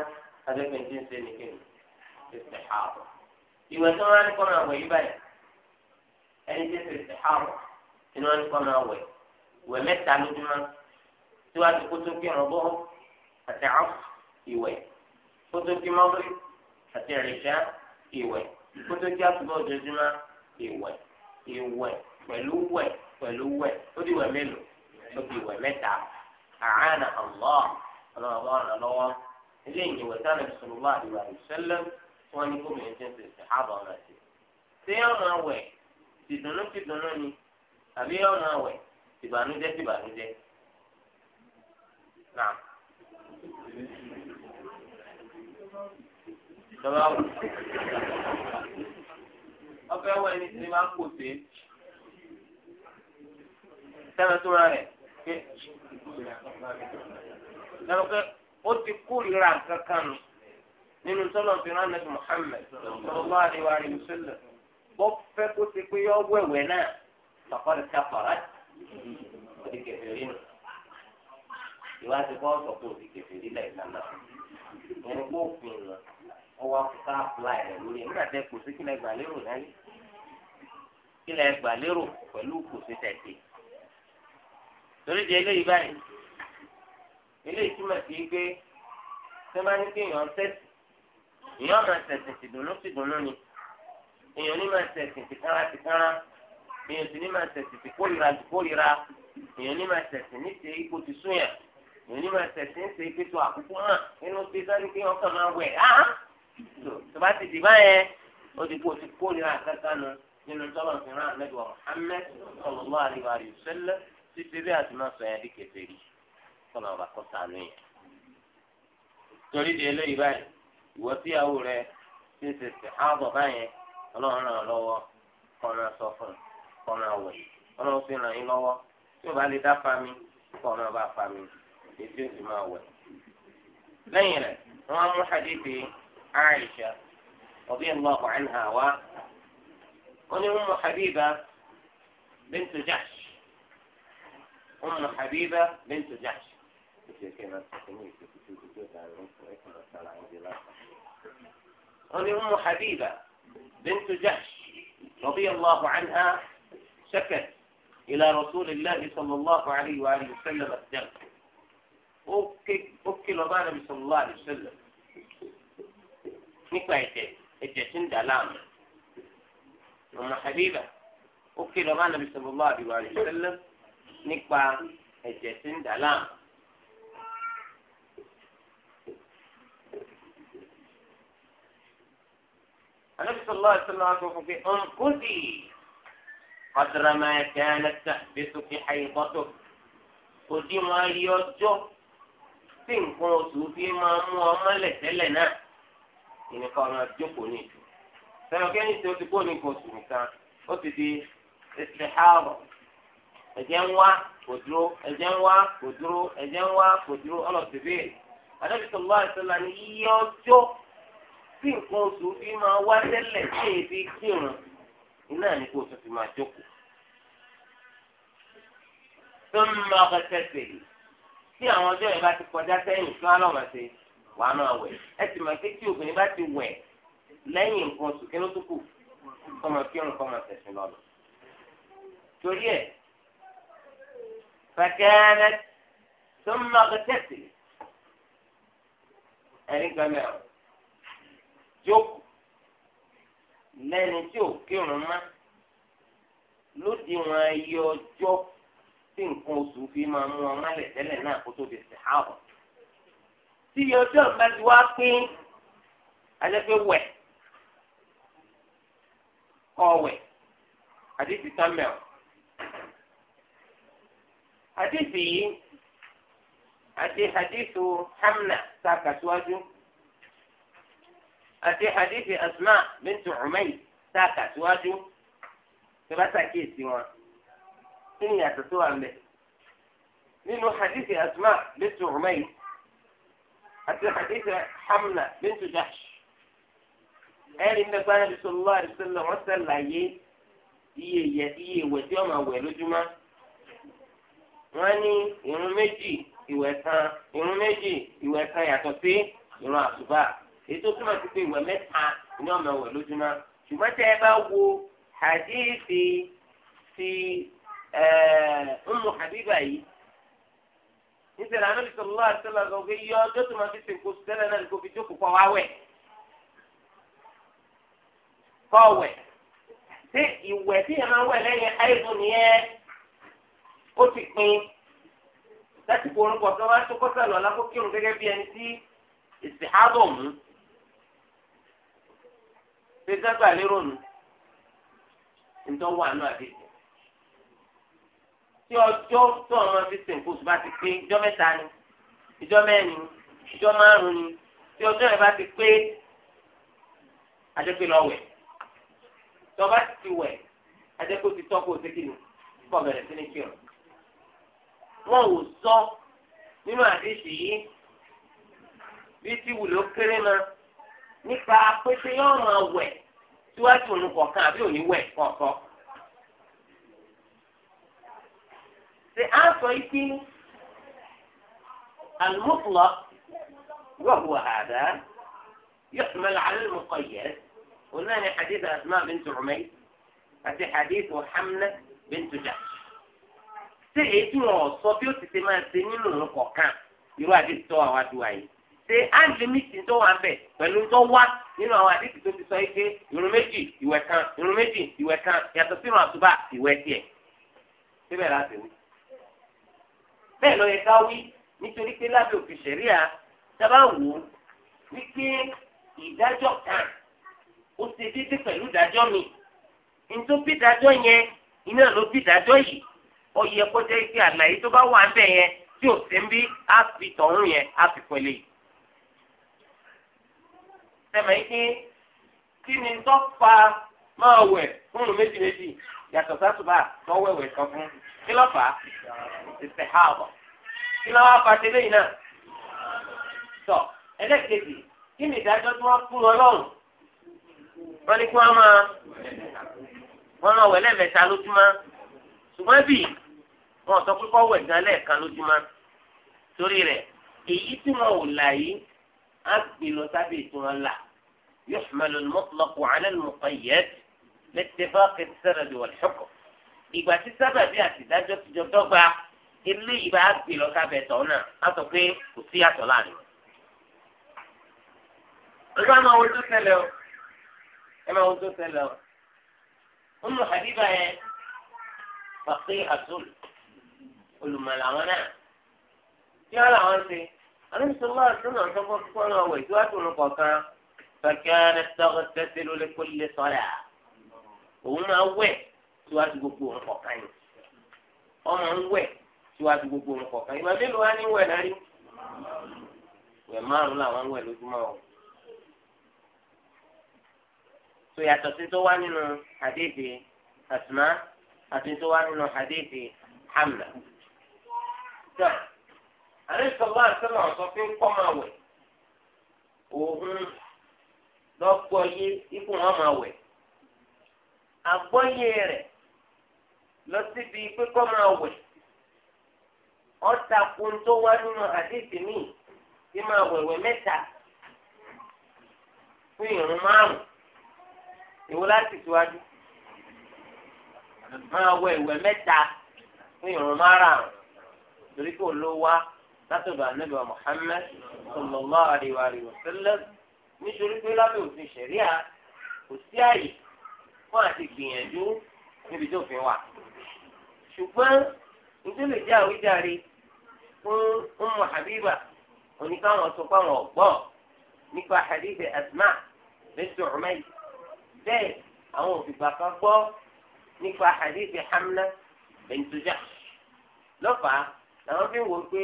adẹ́gbẹ̀ẹ́ ti ń ṣe ní kéwì ṣe ṣàbọ̀ ìwé tí wọ́n á ní kọ́ máa wẹ̀ yí báyìí ẹni tí ṣe ṣàbọ̀ tí wọ́n á ní kọ́ máa wẹ̀ wẹ̀ mẹ́ta lójúmọ́ tí wọ́n á ti kó kí ọ̀rọ̀ bọ́ àti àf ìwẹ̀ kó kí mọ́bírí àti ẹ̀rẹ̀ṣẹ́ ìwẹ̀ kótó kí àsùbá ojoojúmọ́ ìwẹ̀ ìwẹ̀ pẹ̀lú wẹ̀ pẹ̀lú wẹ̀ ó di wẹ̀ mélòó ó di wẹ̀ mẹ́ta àánà Allah ọlọ́wọ́ ọlọ́wọ́ ilé ìwẹ̀ sáré sọlọ́wọ́ àdìwà ìṣẹ́lẹ̀ wọn ní gómìnà tí ń sèse ààbọ̀ ọ̀nà sí. ṣé ọ̀nà wẹ̀ tìdùnnú tìdùnnú ni àbí ọ̀nà wẹ̀ tìbànújẹ́ tìbànújẹ́ náà lọ́wọ́ ọ̀fẹ́ wọ ẹni tí máa ń kò sí sẹ́nu tó ra rẹ̀ pé lọ́wọ́ pé ó ti kórìíra kankan nù nínú sọ́nà fi rán nàbì Muhammad sallallahu alaihi wa sallam bọ́ fẹ́ kó ti pé yọ wẹ̀wẹ̀ náà bàbá rẹ̀ ká fara ọdí kẹfẹ́rí nù ìwádìí kọ́ sọ̀kò òdì kẹfẹ́rí lẹ́ẹ̀kan náà ẹni kó fin nù ọwọ́ afúnká apply rẹ̀ lórí nígbà tẹ kò sí kílẹ̀ gbà lérò náà kílẹ̀ gbà lérò pẹ̀lú kò sí tẹ̀sí. torí di eléyìí báyìí eléyìí túmọ̀ sí pé tẹ́ bá ní kí èèyàn tẹ̀sí èèyàn máa tẹ̀sí ti dùnú ni èèyàn ní máa tẹ̀sí ti kánra ti kánra èèyàn sì ní máa tẹ̀sí ti kórìíra ti kórìíra èèyàn ní máa tẹ̀sí ní ti ipò ti súnyà èèyàn ní máa tẹ̀sí ní ti ipò tó àkókò hàn nínú pé sáré kí wọ́n kàn máa wẹ̀ áá tó bá ti dìbà yẹn ó ti kó o ti kó nira kankan nu nínú sọ́lọ̀ fi rán àmì wa Muhammad sallallahu alaihi wa sallam títí bí àti máa sọ yẹn di kèfèrí sọ̀rọ̀ ọba kọ́ sànú yẹn. torí di eléyìí báyìí ìwọ tíyàwó rẹ ti ṣe ṣe ààbọ̀ báyẹn ọlọ́run ràn lọ́wọ́ kọ́ sọ fún un wẹ̀ ọlọ́run fi ràn yín lọ́wọ́ tí o bá lè dá fami kọ́ máa bá fami ètò ìsìn máa wẹ̀. lẹ́yìn rẹ̀ wọ́n á mú hadithi عائشة رضي الله عنها و وني أم حبيبة بنت جحش أم حبيبة بنت جحش وني أم حبيبة بنت جحش رضي الله عنها شكت إلى رسول الله صلى الله عليه وآله وسلم الدم وكل النبي صلى الله عليه وسلم nípa ẹ̀jẹ̀ ẹ̀jẹ̀ tí ń dà láàmú. ọmọ Habiba ó ké lọ́wọ́ ànábi sallallahu alaihi wa sallam nípa ẹ̀jẹ̀ tí ń dà láàmú. النبي صلى الله عليه وسلم يقول في انقذي قدر ما كانت تحبسك حيضتك قدي ما يوجه tí nǹkan oṣù fi máa mú ọmọ lẹ̀tẹ́lẹ̀ náà ìnìkan ọ̀nà jókòó ní ìtù sẹ́wọ̀n kẹ́ni tí ó ti kó ní gòsù nìkan ó ti di ìsìlẹ̀hárọ̀ ẹ̀jẹ̀ ń wá kò dúró ẹ̀jẹ̀ ń wá kò dúró ẹ̀jẹ̀ ń wá kò dúró ọlọ́ọ̀tì bẹ́ẹ̀ Ànábì sallallahu alaihi wasallam ní iye ọjọ́ tí nǹkan oṣù fi máa wá tẹ́lẹ̀ tí èbí kírun iná ní kó oṣù fi máa jókòó. tó ń máa kẹsẹ̀ sí àwọn ọjọ́ yẹn wàá máa wẹ̀ ẹ ti mọ̀ pé tí obìnrin bá ti wẹ̀ lẹ́yìn nǹkan oṣù kí ló tó kù kọ́mọ kírun kọ́mọ tẹ̀sìn lọ́nà. torí ẹ̀ fẹ̀kẹ́rẹ́ tó ń mọ akẹ́tẹ̀sì ẹ̀rí gbẹmẹ̀ ọ̀ jókòó lẹ́ni tí ò kírun mọ́ lóde wọn ayé ọjọ́ tí nǹkan oṣù fi máa mú ọmọ alẹ̀ tẹ́lẹ̀ náà kó tó di sèhábọ̀ tí ọjọ́ ìgbàdí wá pín ajẹ́pẹ́ wẹ̀ ọ̀wẹ̀ àdìsí tamẹ́ọ̀ àdìsí yìí àti àdìsí hamna sàkàtúwájú àti àdìsí asma bintu umayr sàkàtúwájú tó bá sàkíyèsí wọn kí ni yàtọ̀ tó wà ń nínú àdìsí asma bintu umayr àti hadith hamna bintu jahsh ẹni nípa ẹni sallallahu alaihi wasallam wọn ṣàlàyé iye yẹ iye ìwẹ̀ tí wọn máa wẹ̀ lójúmọ́ wọn ní irun méjì ìwẹ̀ kan irun méjì ìwẹ̀ kan yàtọ̀ sí irun àsùbà èyí tó túmọ̀ sí pé ìwẹ̀ mẹ́ta ni wọn máa wẹ̀ lójúmọ́ ṣùgbọ́n tẹ́ ẹ bá wo hadithi ti eh, Ummu Habiba yìí níṣẹ́ lànà bí sọ̀rọ̀ láti sọ̀rọ̀ lọ pé yọ ọjọ́ tó máa fi ṣe nǹkan tẹ́lẹ̀ náà kò fi jókòó kọ́ wá wẹ̀ kọ́ wẹ̀ ṣé ìwẹ̀ tí yẹn máa wẹ̀ lẹ́yìn àìsàn nìyẹn ó ti pin láti kó orúkọ tó wá tó kọ́sà lọ alákòókèrún gẹ́gẹ́ bí ẹni tí ìsìnkábọ̀ mú ṣe dágbà lérò nù nítorí wà nù àdéhùn tí ọjọ́ tó ọmọ fi sìnkú bá ti pé ìjọ mẹ́ta ni ìjọ mẹ́rin ìjọ márùn ni tí ọjọ́ yẹn bá ti pé adékè lọ wẹ̀ tó bá ti wẹ̀ adékè ti tọ́ kó o sékì ni kó o bẹ̀rẹ̀ sí ní kírun. wọn ò sọ nínú àdéhùn yìí bí tí wùlò kéré na nípa pété yọ̀ọ́ máa wẹ̀ síwájú òun kọ̀ọ̀kan àbí òní wẹ̀ kọ̀ọ̀kan. ṣe á sọ ikú المطلق وهو هذا يحمل على المقيد قلنا حديث أسماء بنت عميس àti hadith hamna bintu jahsh ṣé èyí tí wọn sọ bí ó ti ṣe máa ṣe nínú òun kọ̀ọ̀kan irú àdìsí tó àwọn àdúrà yìí ṣé àǹdímìtì tó wà bẹ̀ pẹ̀lú tó wá nínú àwọn àdìsí tó ti sọ yìí irun méjì ìwẹ̀ kan irun méjì ìwẹ̀ kan yàtọ̀ sínú àtúbà ìwẹ̀ tiẹ̀ síbẹ̀ láti wí bẹ́ẹ̀ lọ yẹ ká wí nítorí pé lábẹ́ òfin ṣẹ̀ríà sábà wò ó wípé ìdájọ́ kan ó ṣe déédé pẹ̀lú ìdájọ́ mi nítorí bí ìdájọ́ yẹn iná ló bí ìdájọ́ yìí ó yẹ kó jẹ́ pé àlàyé tó bá wà ń bẹ̀ yẹn tí ò sí ń bí á fi tọ̀hún yẹn á fi pẹ̀lẹ́ sẹ́mi kí kí ni tó fa máa wẹ̀ fún un méjì yàtọ̀ sátúbà tọ́wẹ̀wẹ̀ kan fún kí ló fà á ìfẹ́ ha ọ̀bọ̀ kí ló wá fa tẹ́lẹ̀ yìí náà tọ ẹlẹ́kejì kí ni ìdájọ́ tí wọ́n fún ọlọ́run wọ́n ní kí wọ́n máa wọ́n máa wẹ̀ lẹ́ẹ̀mẹ́ta lójúmọ́ ṣùgbọ́n bí wọn sọ pé kọ́ wẹ̀ gan lẹ́ẹ̀kan lójúmọ́ torí rẹ̀ èyí tí wọn ò là yìí á gbé lọ sábẹ́ ìtura là yóò fún mi lọ́nà mọ́tò لاتفاق السند والحكم ìgbà tí sábàbí àti ìdájọ́ ti jọ dọ́gba ilé ìbá gbé lọ sábẹ́ tọ̀ náà á sọ pé kò sí àtọ̀ láàrin. ẹ bá máa wo tó ṣẹlẹ̀ o ẹ máa wo tó ṣẹlẹ̀ o. ọmọ àdìbà yẹn pàṣẹ àtúl olùmọ̀lá àwọn náà kí wọ́n làwọn ṣe alẹ́sọ̀lá àtúnà sọ́kọ́ fún ọ̀nà ọ̀wẹ̀ tí wọ́n á tún un kọ̀ọ̀kan fẹ̀kẹ́ rẹ̀ sọ́kọ́ tẹ́sílú lẹ́kọ́lẹ́ sọ́yà. òun máa wẹ̀ síwájú gbogbo òun kọ̀ọ̀kan yìí ọmọ ń wẹ̀ síwájú gbogbo òun kọ̀ọ̀kan yìí ló wá ní wẹ̀ wẹ̀ márùn làwọn wẹ̀ lójúmọ́ tó yàtọ̀ sí tó wá nínú àti tó wá nínú Hamna tó àrísọ̀lá ọ̀sọ́ fi ń kọ́ máa wẹ̀ òun yé ikú wọn àgbọ́yé rẹ̀ lọ síbi pé kọ́ máa wẹ̀ ọ̀tàkùn tó wá nínú àdéhìí míì tí máa wẹ̀wẹ̀ mẹ́ta fún ìrún márùn-ún ìwọ láti tiwájú máa wẹ̀wẹ̀ mẹ́ta fún ìrún márùn-ún torí kò ló wá látọ̀dọ̀ ànábì wa Muhammad sallallahu alaihi wa sallam nítorí pé lábẹ́ òfin ṣẹ̀ríà kò sí àyè wọ́n àti gbìyànjú níbi tó fi wà. ṣùgbọ́n nítorí ìjà àwíjàre fún Ummu Habiba oníkàwọn sọ fáwọn ọ̀gbọ́n nípa hadith Asma bẹ́sẹ̀ ọ̀mẹ́yì bẹ́ẹ̀ àwọn òfìgbà kan gbọ́ nípa hadith Hamna bintu Jahsh lọ́fàá làwọn fi ń wò pé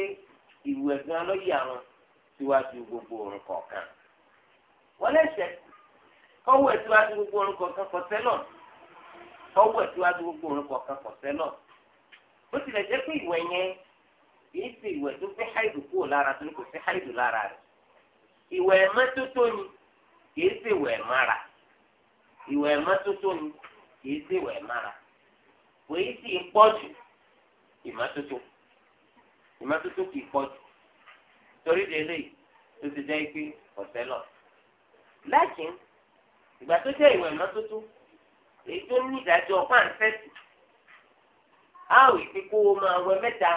ìwẹ̀ gan ló yí àwọn síwájú gbogbo òun kọ̀ọ̀kan. wọ́n lẹ́sẹ̀ ọwọ́ ìtiwájú gbogbo orúkọ kankan sẹ́lọ̀ ọwọ́ ìtiwájú gbogbo orúkọ kankan sẹ́lọ̀ bó tilẹ̀ jẹ́ pé ìwẹ̀ yẹn kìí ṣe ìwẹ̀ tó fi háìdù kúrò lára tó ní kò sí háìdù lára rẹ̀ ìwẹ̀ mọ́tótó ni kìí ṣe ìwẹ̀ mára ìwẹ̀ mọ́tótó ni kìí ṣe ìwẹ̀ mára kò yìí sì pọ̀ jù ìmọ́tótó ìmọ́tótó kìí pọ̀ jù torí délé tó ti jẹ́ pé ọ̀sẹ̀ lọ. lákìn ìgbà tó jẹ́ ìwẹ̀ mọ́tótó èyí tó ní ìdájọ́ pàǹtẹ́sì á ò ìpín kó o máa wẹ̀ mẹ́ta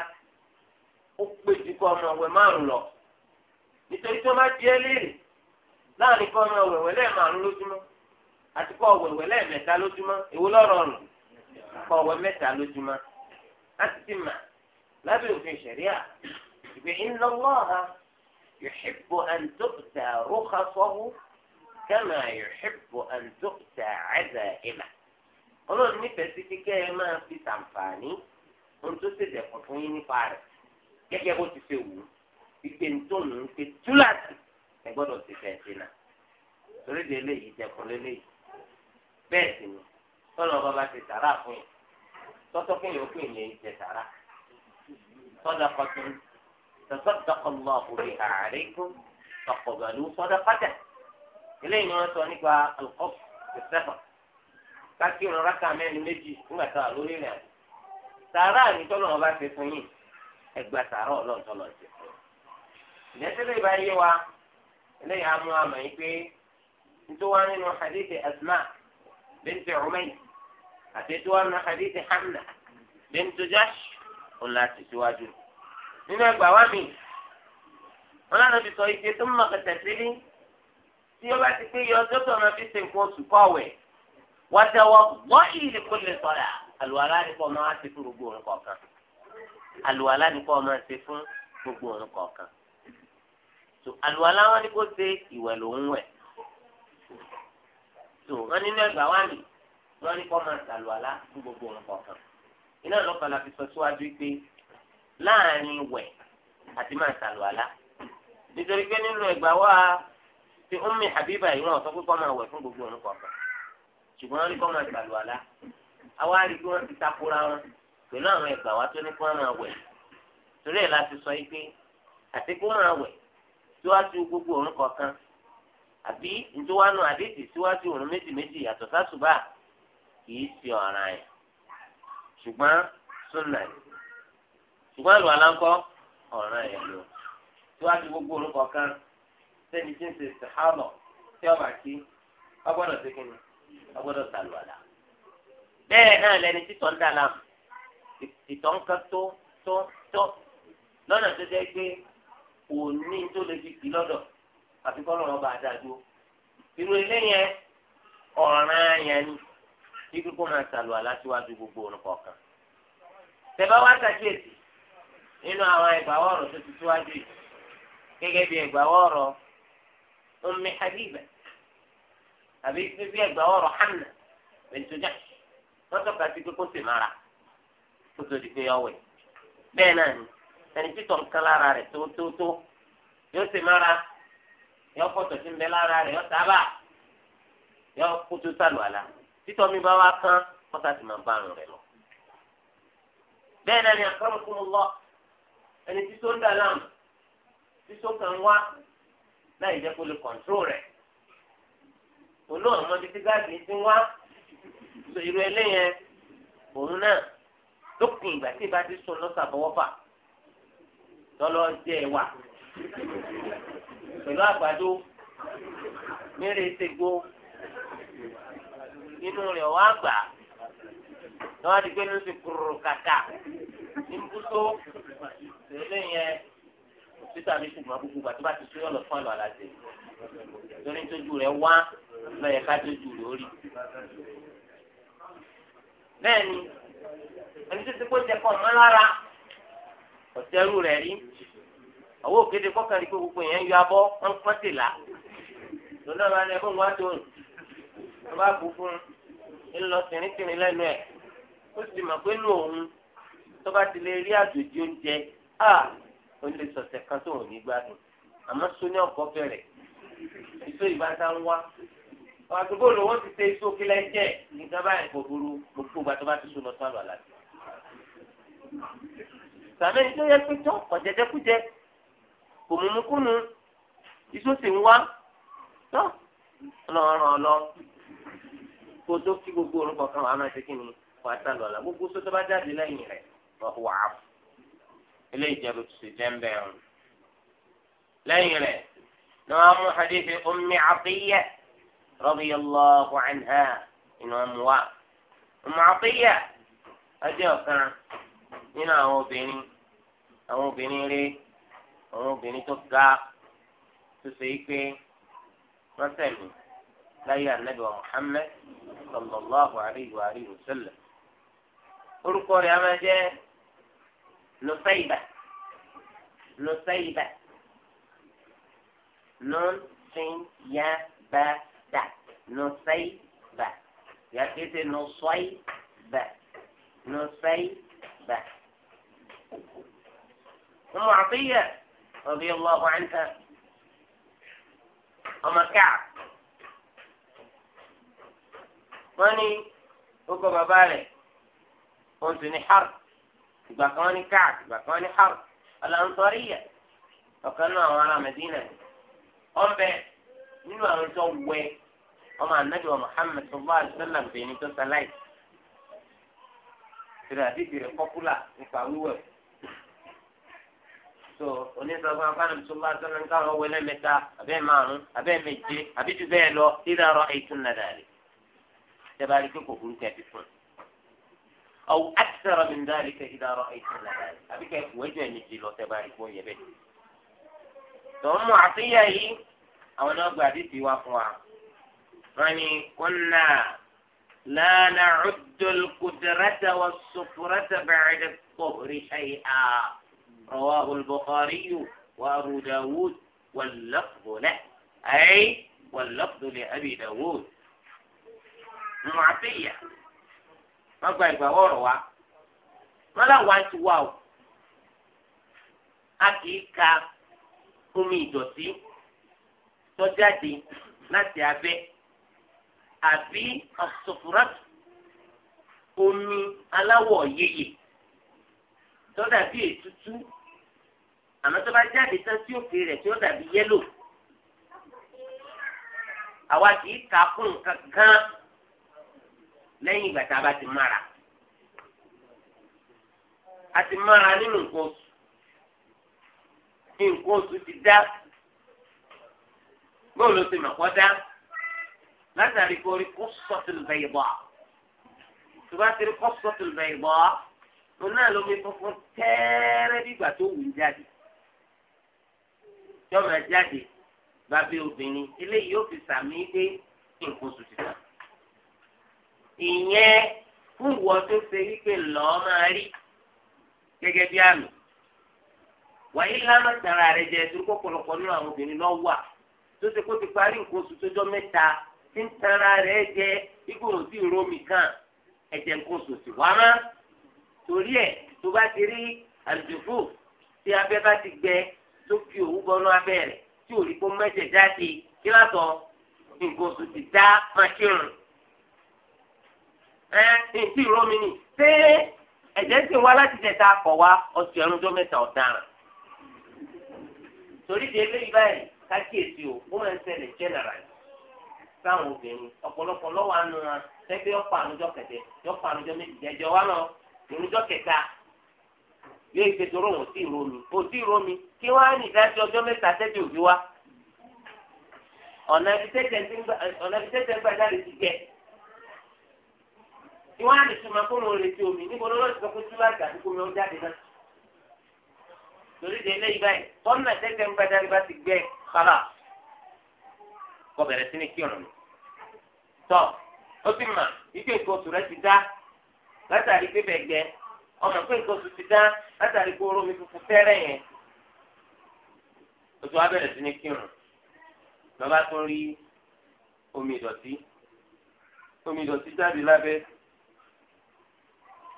ó pé ju kó o máa wẹ̀ márùn lọ nítorí tó má di ẹ léèrè láàrin kó o máa wẹ̀wẹ̀ lẹ́ẹ̀márùn lójúmọ́ àti kó o wẹ̀wẹ̀ lẹ́ẹ̀mẹ́ta lójúmọ́ èwo lọ́rọ̀ rùn kó o mẹ́ta lójúmọ́ láti ti mà lábẹ́ òfin ṣẹ̀ríà ìgbẹ́ inna Allaha yuhibbu an كما يحب أن تؤتى عزائمه ọlọ́run nífẹ̀ẹ́ sí kíkẹ́ ẹ máa fi sàǹfààní ohun tó ṣe dẹ̀kọ̀ fún yín nípa rẹ̀ gẹ́gẹ́ bó ti ṣe wù ú ìpè ntòun ń pe túláàsì ẹ gbọ́dọ̀ ti fẹ́ sí náà torí de eléyìí dẹ̀kọ̀ lélẹ́yìí bẹ́ẹ̀ sì ni tọ́lọ̀ ọba ti sàrà fún yín tọ́tọ́ fún yín ó pè yín jẹ sàrà sọ́dà kọ́tún tọ́sọ́dà kọ́ lọ́ọ̀hùn rẹ̀ àárẹ̀ kún ọ̀pọ̀ eléyìí ni wọ́n sọ nípa alukọ́f ìsẹ́fà kákí ìrun rákà mẹ́rin méjì nígbà tá a lórí rẹ̀ sàárà ni tọ́lọ̀ wọn bá ṣe fún yín ẹgbà sàárà ọlọ́run tọ́lọ̀ ṣe fún yín. ìdẹ́sẹ̀lẹ̀ ìbá yé wa eléyìí á mú àmọ́ yín pé nítorí wọn nínú hadith asma bíntu umayr àti nítorí wọn nínú hadith hamna bíntu jash òun láti nínú ẹgbà wa mi wọn lánàá fi sọ ike tó mọ̀ kẹtẹ̀ sílẹ̀ tí ó bá ti pé yọ ọjọ́ tó máa fi ṣe nǹkan oṣù kọ̀wé wọ́n ti wọ́n wọ́n yìí ni kò lè sọ̀rọ̀ àlùwàlá ni kò máa ṣe fún gbogbo òun kọ̀ọ̀kan àlùwàlá ni kò máa ṣe fún gbogbo òun kọ̀ọ̀kan so àlùwàlá wọn ni kò ṣe ìwẹ̀ lòún wẹ̀ so wọn nínú ẹgbàá wà ní wọn ni kò máa ṣàlùwàlá fún gbogbo òun kọ̀ọ̀kan iná lọ́kàn la sọ síwájú pé láàrin wẹ̀ àti máa ṣàlùwàlá nítorí pé nínú ẹgbàá wà á. ti Ummi Habiba yìí wọn sọ pé kọ́ máa fún gbogbo òun kọ̀ọ̀kan ṣùgbọ́n wọn kọ́ máa gbàlù àlá àwa rí i ti takora wọn pẹ̀lú àwọn ẹ̀gbà wa tó ní kí máa wẹ̀ torí ẹ̀ gbogbo òun kọ̀ọ̀kan àbí ntòwánu àdéhìí síwájú òun méjì méjì yàtọ̀ sásùbà kìí ṣe ọ̀ràn ṣùgbọ́n ṣùgbọ́n ńkọ́ ọ̀ràn lò síwájú gbogbo òun kọ̀ọ̀kan sẹ́ni tí ń ṣe sàhámọ̀ tí ọmọ àti agbọ́dọ̀ ṣe kí ni agbọ́dọ̀ sàlùwàlà. bẹ́ẹ̀ náà lẹni títọ́ ń dà láàmú ìtọ́ ń kan tó tó tó lọ́nà tó jẹ́ pé kò ní tó lè fi kì lọ́dọ̀ àfi kọ́ lọ́rọ̀ bá a dá dúró. irú ilé yẹn ọ̀ràn yẹn ni kíkú kó máa sàlùwàlà síwájú gbogbo òun kọ̀ọ̀kan. tẹ̀bá wá sàkíyèsí nínú àwọn ìgbàwọ̀rọ̀ tó ti síwájú yìí gẹ́gẹ́ bí ìgbàwọ̀rọ̀ أم حبيبة حبيب في الجوار حمنا بنت جحش وصف أتيك كنت مرة كنت ديك يوي بيناني ẹni tí tọ̀n kan lára rẹ̀ tótótó yóò sì mára yọ pọ̀tọ̀ sí mbẹ́ lára rẹ̀ yọ sábà yọ kótó sálù àlà títọ́ mi bá wá kán kọ́tà sì máa bá àrùn rẹ̀ lọ. bẹ́ẹ̀ náà ni àkọ́rọ̀kùn lọ ẹni tí tó ń dà láàmú tí tó kàn wá láì jẹ́ kó lè kọ̀ǹtró rẹ̀ olóò àwọn ibi tí gáàsì ti wá so irú ẹlẹ́yẹn òun náà lópin ìgbà tí ìbá ti sùn lọ́sàbọ̀wọ́fà lọ́lọ́ jẹ́ ẹ̀wà pẹ̀lú àgbàdo mẹ́rin ṣègbó inú rẹ̀ wá gbà lọ́wọ́ adigun ló ti kúrò kàkà ní bútó ẹlẹ́yẹn òṣìṣẹ́ mi kù mọ́ gbogbo àti bá ti ṣe ọ̀nà fún àlọ́ àlàjẹ́ torí tójú rẹ̀ wá lọ́yẹ̀ ká tójú lórí. bẹ́ẹ̀ ni ẹni tó ti kó jẹ kọ́ ọ̀mọ́ lára ọ̀tẹ́rù rẹ̀ rí àwọn òkèdè kọ́kànlí pé gbogbo yẹn yọ abọ́ wọn pọ́n sì là lọ́nà máa ní ẹ̀fọ́n wá tó ń bá bù fún un ńlọ tìrìntìrìn lẹ́nu ẹ̀ ó sì mọ̀ pé lóòun tó bá ti lè rí àjòjì oúnjẹ ó lè sọ̀tẹ̀ kan tó ò ní gbádùn àmọ́ sóní ọ̀kọ́ bẹ̀rẹ̀ iṣó ìbáta ń wá àdúgbò lówó ti ṣe iṣó kílẹ̀ jẹ́ nǹkan báyìí kò burú gbogbo ìgbà tó bá ti sún lọ sálọ àlàjì. sàmì iṣó yẹ pé tó ọ̀pọ̀ jẹjẹkújẹ kò mú kú nu iṣó sì ń wá tó ọlọ́run ọlọ́ kó tó kí gbogbo orúkọ kan wàá máa ṣe kí ni wàá sálọ àlà gbogbo sọ́tọ́ bá jáde lẹ́yìn rẹ̀ wàá wàá fún ilé ìjẹun ti jẹ́ ń bẹ̀ ọ́n. lẹ́yìn rẹ̀ ni wọ́n mú hadithi ummi Atiyya radiyallahu anha ni wọ́n mú wa. ummi Atiyya adé ọ̀kan nínú àwọn obìnrin àwọn obìnrin rí àwọn obìnrin tó ga tó ṣe é pé wọ́n tẹ̀lé láyé ànábì wa Muhammad sallallahu alayhi wa sallam. orúkọ rẹ̀ a máa jẹ́ لصيبة لصيبة نون سين يا با دا نصيبة كده نصيبة نصيبة أم عطية رضي الله عنها أم كعب ماني أكبر ó kọ́ bàbá ìgbà kan ní káàt ìgbà kan ní hàr alansoriya ọ̀kan náà àwọn ará Medina ọ̀nbẹ nínú àwọn tó wẹ ọmọ anabi wa Muhammad sallallahu alaihi bẹni tó sàlàyé tìrẹ àdìsí rẹ pọpúlà nípa wíwẹ̀ so onísọgbọn afáàní sallallahu alaihi wa sallam káwọn wẹlẹ mẹ́ta abẹ márùn abẹ méje àbí jù bẹ́ẹ̀ lọ ìdárọ ètò nàdàlẹ tẹbàrí kókò burúkú ẹbí fún un. أو أكثر من ذلك إذا رأيت ذلك أبيك وجه نجي لو تبارك ويا بيت ثم عطية هي أو نوضع في سوى يعني كنا لا نعد القدرة والصفرة بعد الطهر شيئا رواه البخاري وأبو داود واللفظ له أي واللفظ لأبي داود معطية wọn gba ìgbà ọ̀rọ̀ wa wọn làwọn àti wà o a kì í ka omi ìdọ̀tí tó jáde láti abẹ́ àbí ọ̀sọ̀fúrátù omi aláwọ̀ yeye tó dàbí ètútú àmọ́ tó bá jáde tán tí òkè rẹ̀ tí ó dàbí yẹ́lò àwa kì í kà á fún nǹkan gan lẹ́yìn ìgbà tá a bá ti mára a ti mára nínú nǹkan oṣù nǹkan oṣù ti dá bóun ló ti mọ̀ kọ́ dá látàrí kó rí kó sọ́tù lùbẹ̀yẹ̀ bọ̀ tó bá ti rí kó sọ́tù lùbẹ̀yẹ̀ bọ̀ òun náà ló fi funfun tẹ́ẹ́rẹ́ bí tó wù ú jáde yọ̀ọ́ máa jáde bàbá obìnrin eléyìí yóò fi sàmì pé nǹkan oṣù ti dá ìyẹn fún ìwọ tó ṣe wípé lọ́ọ́ máa rí gẹ́gẹ́ bí àmì wàyí lánàá tara rẹ jẹ torí kọkọlọkọ nínú àwọn obìnrin lọ wà tó ṣe kó ti parí nǹkan oṣù tójọ mẹ́ta tí ń tara rẹ jẹ igbóhùn sí romi kan ẹ̀jẹ̀ nǹkan oṣù sì wá mọ́ torí ẹ̀ tó bá ti rí àlùfò tí abẹ́ bá ti gbẹ tó fi òwú bọnú abẹ́ rẹ̀ tí ò rí kó mẹ́jẹ̀ jáde kí látọ̀ nǹkan oṣù ti dá máa ẹ ẹ ti romi ni ṣé ẹ̀jẹ̀ ti wá láti jẹta akọ̀ wa ọ̀sẹ̀ ẹ̀rùn tó mẹ́ta ọ̀daràn. torí di eléyìí o ó máa ń ṣẹlẹ̀ sáwọn obìnrin ọ̀pọ̀lọpọ̀ lọ́wọ́ àánú wa wa lọ kẹta yóò ṣe wọn sí kò sí kí á ní òbí wa ọ̀nà ń ìwọ́n á lè tún ma kó wọn retí omi níbo lọ́wọ́ ti sọ pé tí wọ́n àgbà níbo mi ó jáde náà. torí de eléyìí báyìí tọ́nà tẹ́tẹ́ ń bá dárí ti gbẹ kálá kọ bẹ̀rẹ̀ sí ní kí ọ̀nà mi. tọ́ ó ti mà ike nǹkan oṣù rẹ ti dá látàrí pé bẹ̀ gbẹ ọmọ pé nǹkan oṣù ti dá látàrí pé oró mi funfun fẹ́rẹ̀ yẹn. oṣù wa bẹ̀rẹ̀ sí ní kí ọ̀nà lọ́ba tó rí omi ìdọ̀tí omi ìdọ̀tí jáde lábẹ́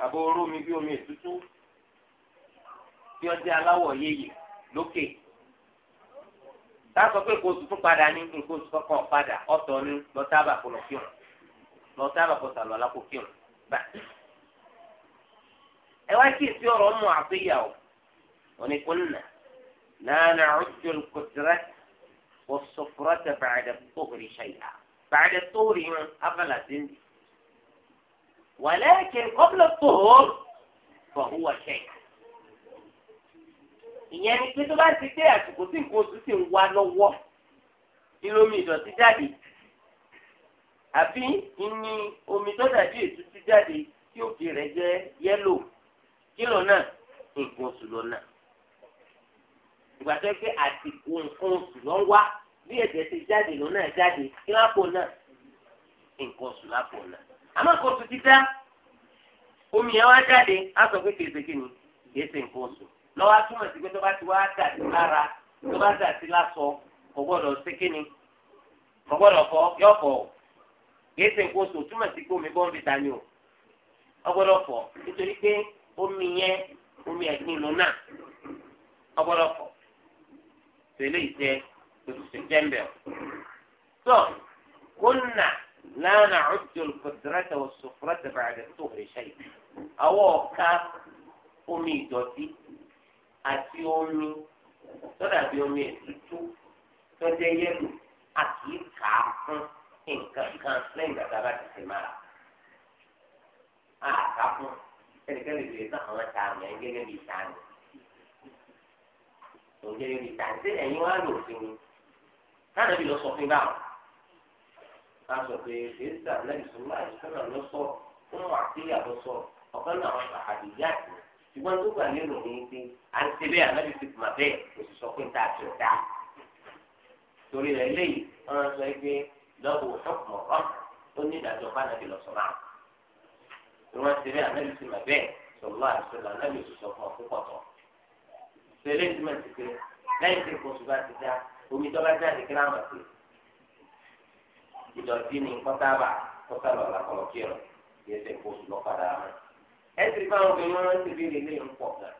àbò oró mi bí omi ètútú tí ọjọ́ aláwọ̀ yéye lókè táàsọ pé kò tuntun padà ní nǹkan oṣù kọkàn padà ọ̀tọ̀ ni lọ́tàbà kò lọ kírun lọ́tàbà kò sàlọ́ alákò kírun gbà. ẹ wá kí èsì ọ̀rọ̀ mú àfihàn oníkunna nana ọjọ́ kòtìrẹ́ wọ́n sọ̀kúrọ́ tẹ̀ bàdà tóhùrì ṣàyà bàdà tóhùrì yẹn afẹ́lá ti ń di. ولكن قبل الطهور فهو شيء ìyẹn ni pé tó bá ti dé àsìkò tí nǹkan oṣù sì ń wá lọ́wọ́ ní omi ìdọ̀tí jáde àbí ní omi tó dàbí ètò ti jáde tí òkè rẹ̀ jẹ́ yẹ́lò kílò náà nǹkan oṣù lọ náà ìgbà tó yẹ pé àsìkò nǹkan oṣù lọ wá bí ẹ̀jẹ̀ ti jáde lọ náà jáde kí lápò náà nǹkan oṣù lápò náà. àmọ́ kò tu títà omi yẹn wá jáde á sọ pé kèsè kìíní kèsè nǹkan oṣù lọ́wọ́ túmọ̀ sí pé tó bá ti wá dà sí lára tó bá dà sí lásọ kò gbọ́dọ̀ sí kìíní kò gbọ́dọ̀ fọ omi omi yẹn omi náà fọ ìjẹ́ oṣù لا نعد القدرة والسفرة بعد الطهر شيء أو أمي دوتي أتي أمي ترى بيومي تتو تجيب أكيد كاف إن كان سلين دابا تسمعها آه كاف ẹnikẹ́ni lè gbé náà àwọn ta àmì ẹ̀yìn gẹ́gẹ́ bíi ta ni òun gẹ́gẹ́ bíi ta ni ṣé ẹ̀yin wá káàsọ̀ pé èsà lẹ́yìn sọ́lá ìṣúná ló sọ fún àtìyà ló sọ ọ̀kan náà wọn àdìyà tó ṣùgbọ́n tó gbà lérò ní pé à ń ṣe bẹ́ẹ̀ ànábì ti mà bẹ́ẹ̀ kò sì sọ pé ń ta àti ọ̀dà. torí rẹ̀ léyìí wọ́n sọ pé lọ́wọ́ ọ̀pọ̀ ọ̀pọ̀ ó ní ìdájọ́ fánàbì lọ sọ̀rọ̀ àwọn. tí wọ́n ṣe bẹ́ẹ̀ ànábì ti mà bẹ́ẹ̀ sọ̀rọ̀ àìsọ̀rọ̀ ànábì ti sọ fún ọkọ̀ tọ̀. ṣẹlẹ̀ ti mọ̀ sí pé lẹ́yìn tí kò sùn bá ti dá omi tó bá jáde kí ìdọ̀tí ni kọ́tàbà kọ́tàbà làkọ̀lọ̀ kí ọ̀rọ̀ yẹ ẹsẹ̀ kóòtù lọ padà rẹ̀. ẹ ti fáwọn obìnrin wọn ti bí ilé ń pọ̀ gan.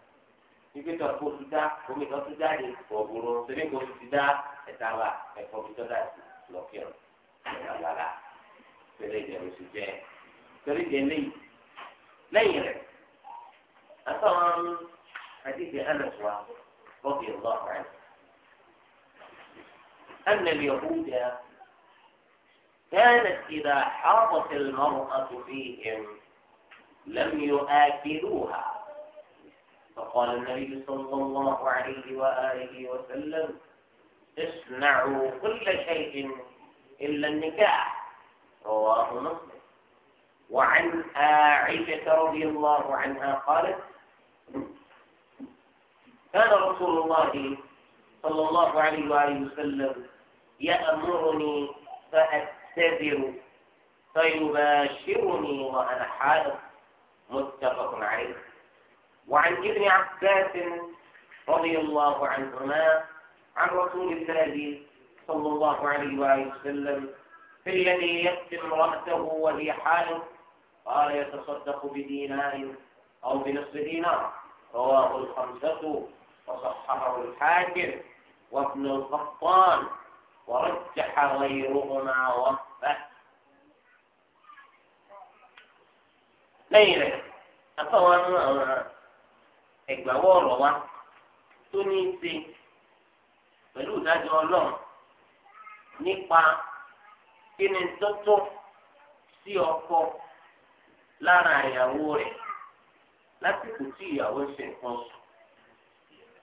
ibi tó kóòtù dá omi kan tó jáde ọ̀gbọ̀rọ̀ sẹ́ni kóòtù ti dá ẹ̀tàbà ẹ̀kọ́ fi tọ́ dáàtì lọ kí ọ̀rọ̀ ìyàgbára pẹ̀lẹ́ ìjẹun sì jẹ́ torí jẹ lẹ́yìn lẹ́yìn rẹ̀ àtàwọn àdìsí ànàfọ̀à rọ́bì ọ̀gbọ̀n كانت إذا حاطت المرأة فيهم لم يآكلوها فقال النبي صلى الله عليه وآله وسلم اصنعوا كل شيء إلا النكاح رواه مسلم وعن عائشة رضي الله عنها قالت كان رسول الله صلى الله عليه وآله وسلم يأمرني فأتى أعتذر فيباشرني وأنا حائض متفق عليه وعن ابن عباس رضي الله عنهما عن رسول الله صلى الله عليه وآله وسلم في الذي يقتل امرأته وهي حائض قال يتصدق بدينار أو بنصف دينار رواه الخمسة وصححه الحاكم وابن القطان ورجح غيرهما وصفه ليلة أفوان ẹgbàwọ ọ̀rọ̀ wa tó ní í ṣe pẹ̀lú ìdájọ́ Ọlọ́run nípa kí ni tó tó sí ọkọ lára ìyàwó rẹ̀ lásìkò tí ìyàwó ń ṣe nǹkan sùn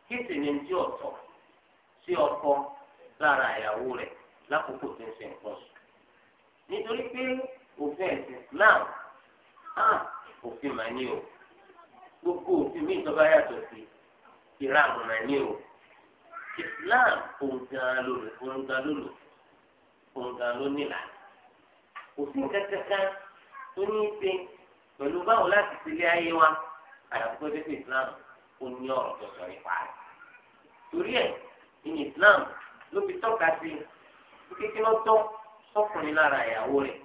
kí sì ni tí ọ̀tọ̀ sí ọkọ lára ìyàwó rẹ̀ lákòókò tó ń ṣe nǹkan sùn. nítorí pé òfin ẹ̀sìn Islam hàn òfin mà ní o gbogbo òfin mi ìjọba yàtọ̀ sí ìran mà ní o Islam òun gan lòlò òun gan òfin kankan tó ní í ṣe pẹ̀lú báwo láti sílé ayé wa àyàfó pé Islam ó ní ọ̀rọ̀ tó sọ nípa rẹ̀ torí ẹ̀ ní Islam ló fi tọ́ka sí kíkí lọ́tọ́ sọ́kùnrin lára ìyàwó rẹ̀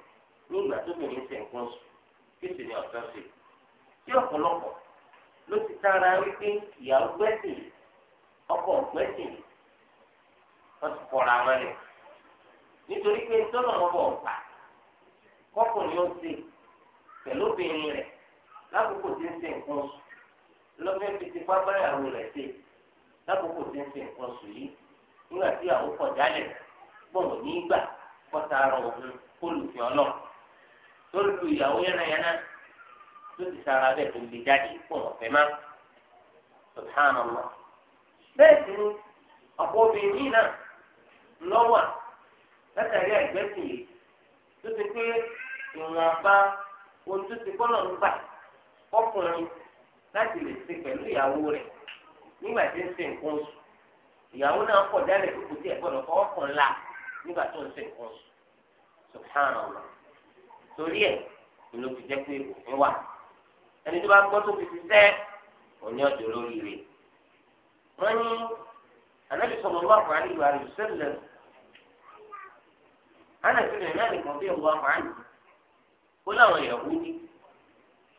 ní tó bìnrin ṣe nǹkan sùn kí sì ni ọ̀tọ́ sí tí ọ̀pọ̀lọpọ̀ ló ti tára wípé ìyàwó gbẹ́sìn ọkọ gbẹ́sìn wọ́n ti kọ́ra wọn lẹ̀ nítorí pé tọ́nà ọmọ ọ̀pá kọ́kùnrin ó ṣe pẹ̀lú obìnrin rẹ̀ lákòókò tí ń ṣe nǹkan sùn lọ́fẹ́ fi ti pápá ìyàwó rẹ̀ ṣe lákòókò tí ń ṣe nǹkan sùn yìí. nígbà tí àwọn kọ̀ jálẹ̀ gbọ̀ngàn nígbà òun olùfẹ́ ọlọ́ tó lu ìyàwó yánnayànna tó ti sara bẹ́ẹ̀ tó lè jáde bẹ́ẹ̀ sì ni ọ̀pọ̀ obìnrin náà lọ́wọ́ látàrí tó ti pé ohun tó ti kọ́ lọ́nù gbà láti lè pẹ̀lú ìyàwó rẹ̀ nígbà tí ń ìyàwó náà pọ̀ dálẹ̀ tó kù sí ẹ̀gbọ́dọ̀ kọ́ ọ̀kan la nígbà tó ń ṣe nǹkan subhanallah torí ẹ̀ ìlú ti jẹ́ pé òfin wà ẹni tó bá gbọ́ tó fi ṣiṣẹ́ òní ọ̀dọ̀ lórí rẹ̀ wọ́n ní ànábì sallallahu alaihi wa sallam ànábì rẹ̀ náà nìkan bí ọ̀wọ́ àwọn àná kó láwọn ìyàwó ní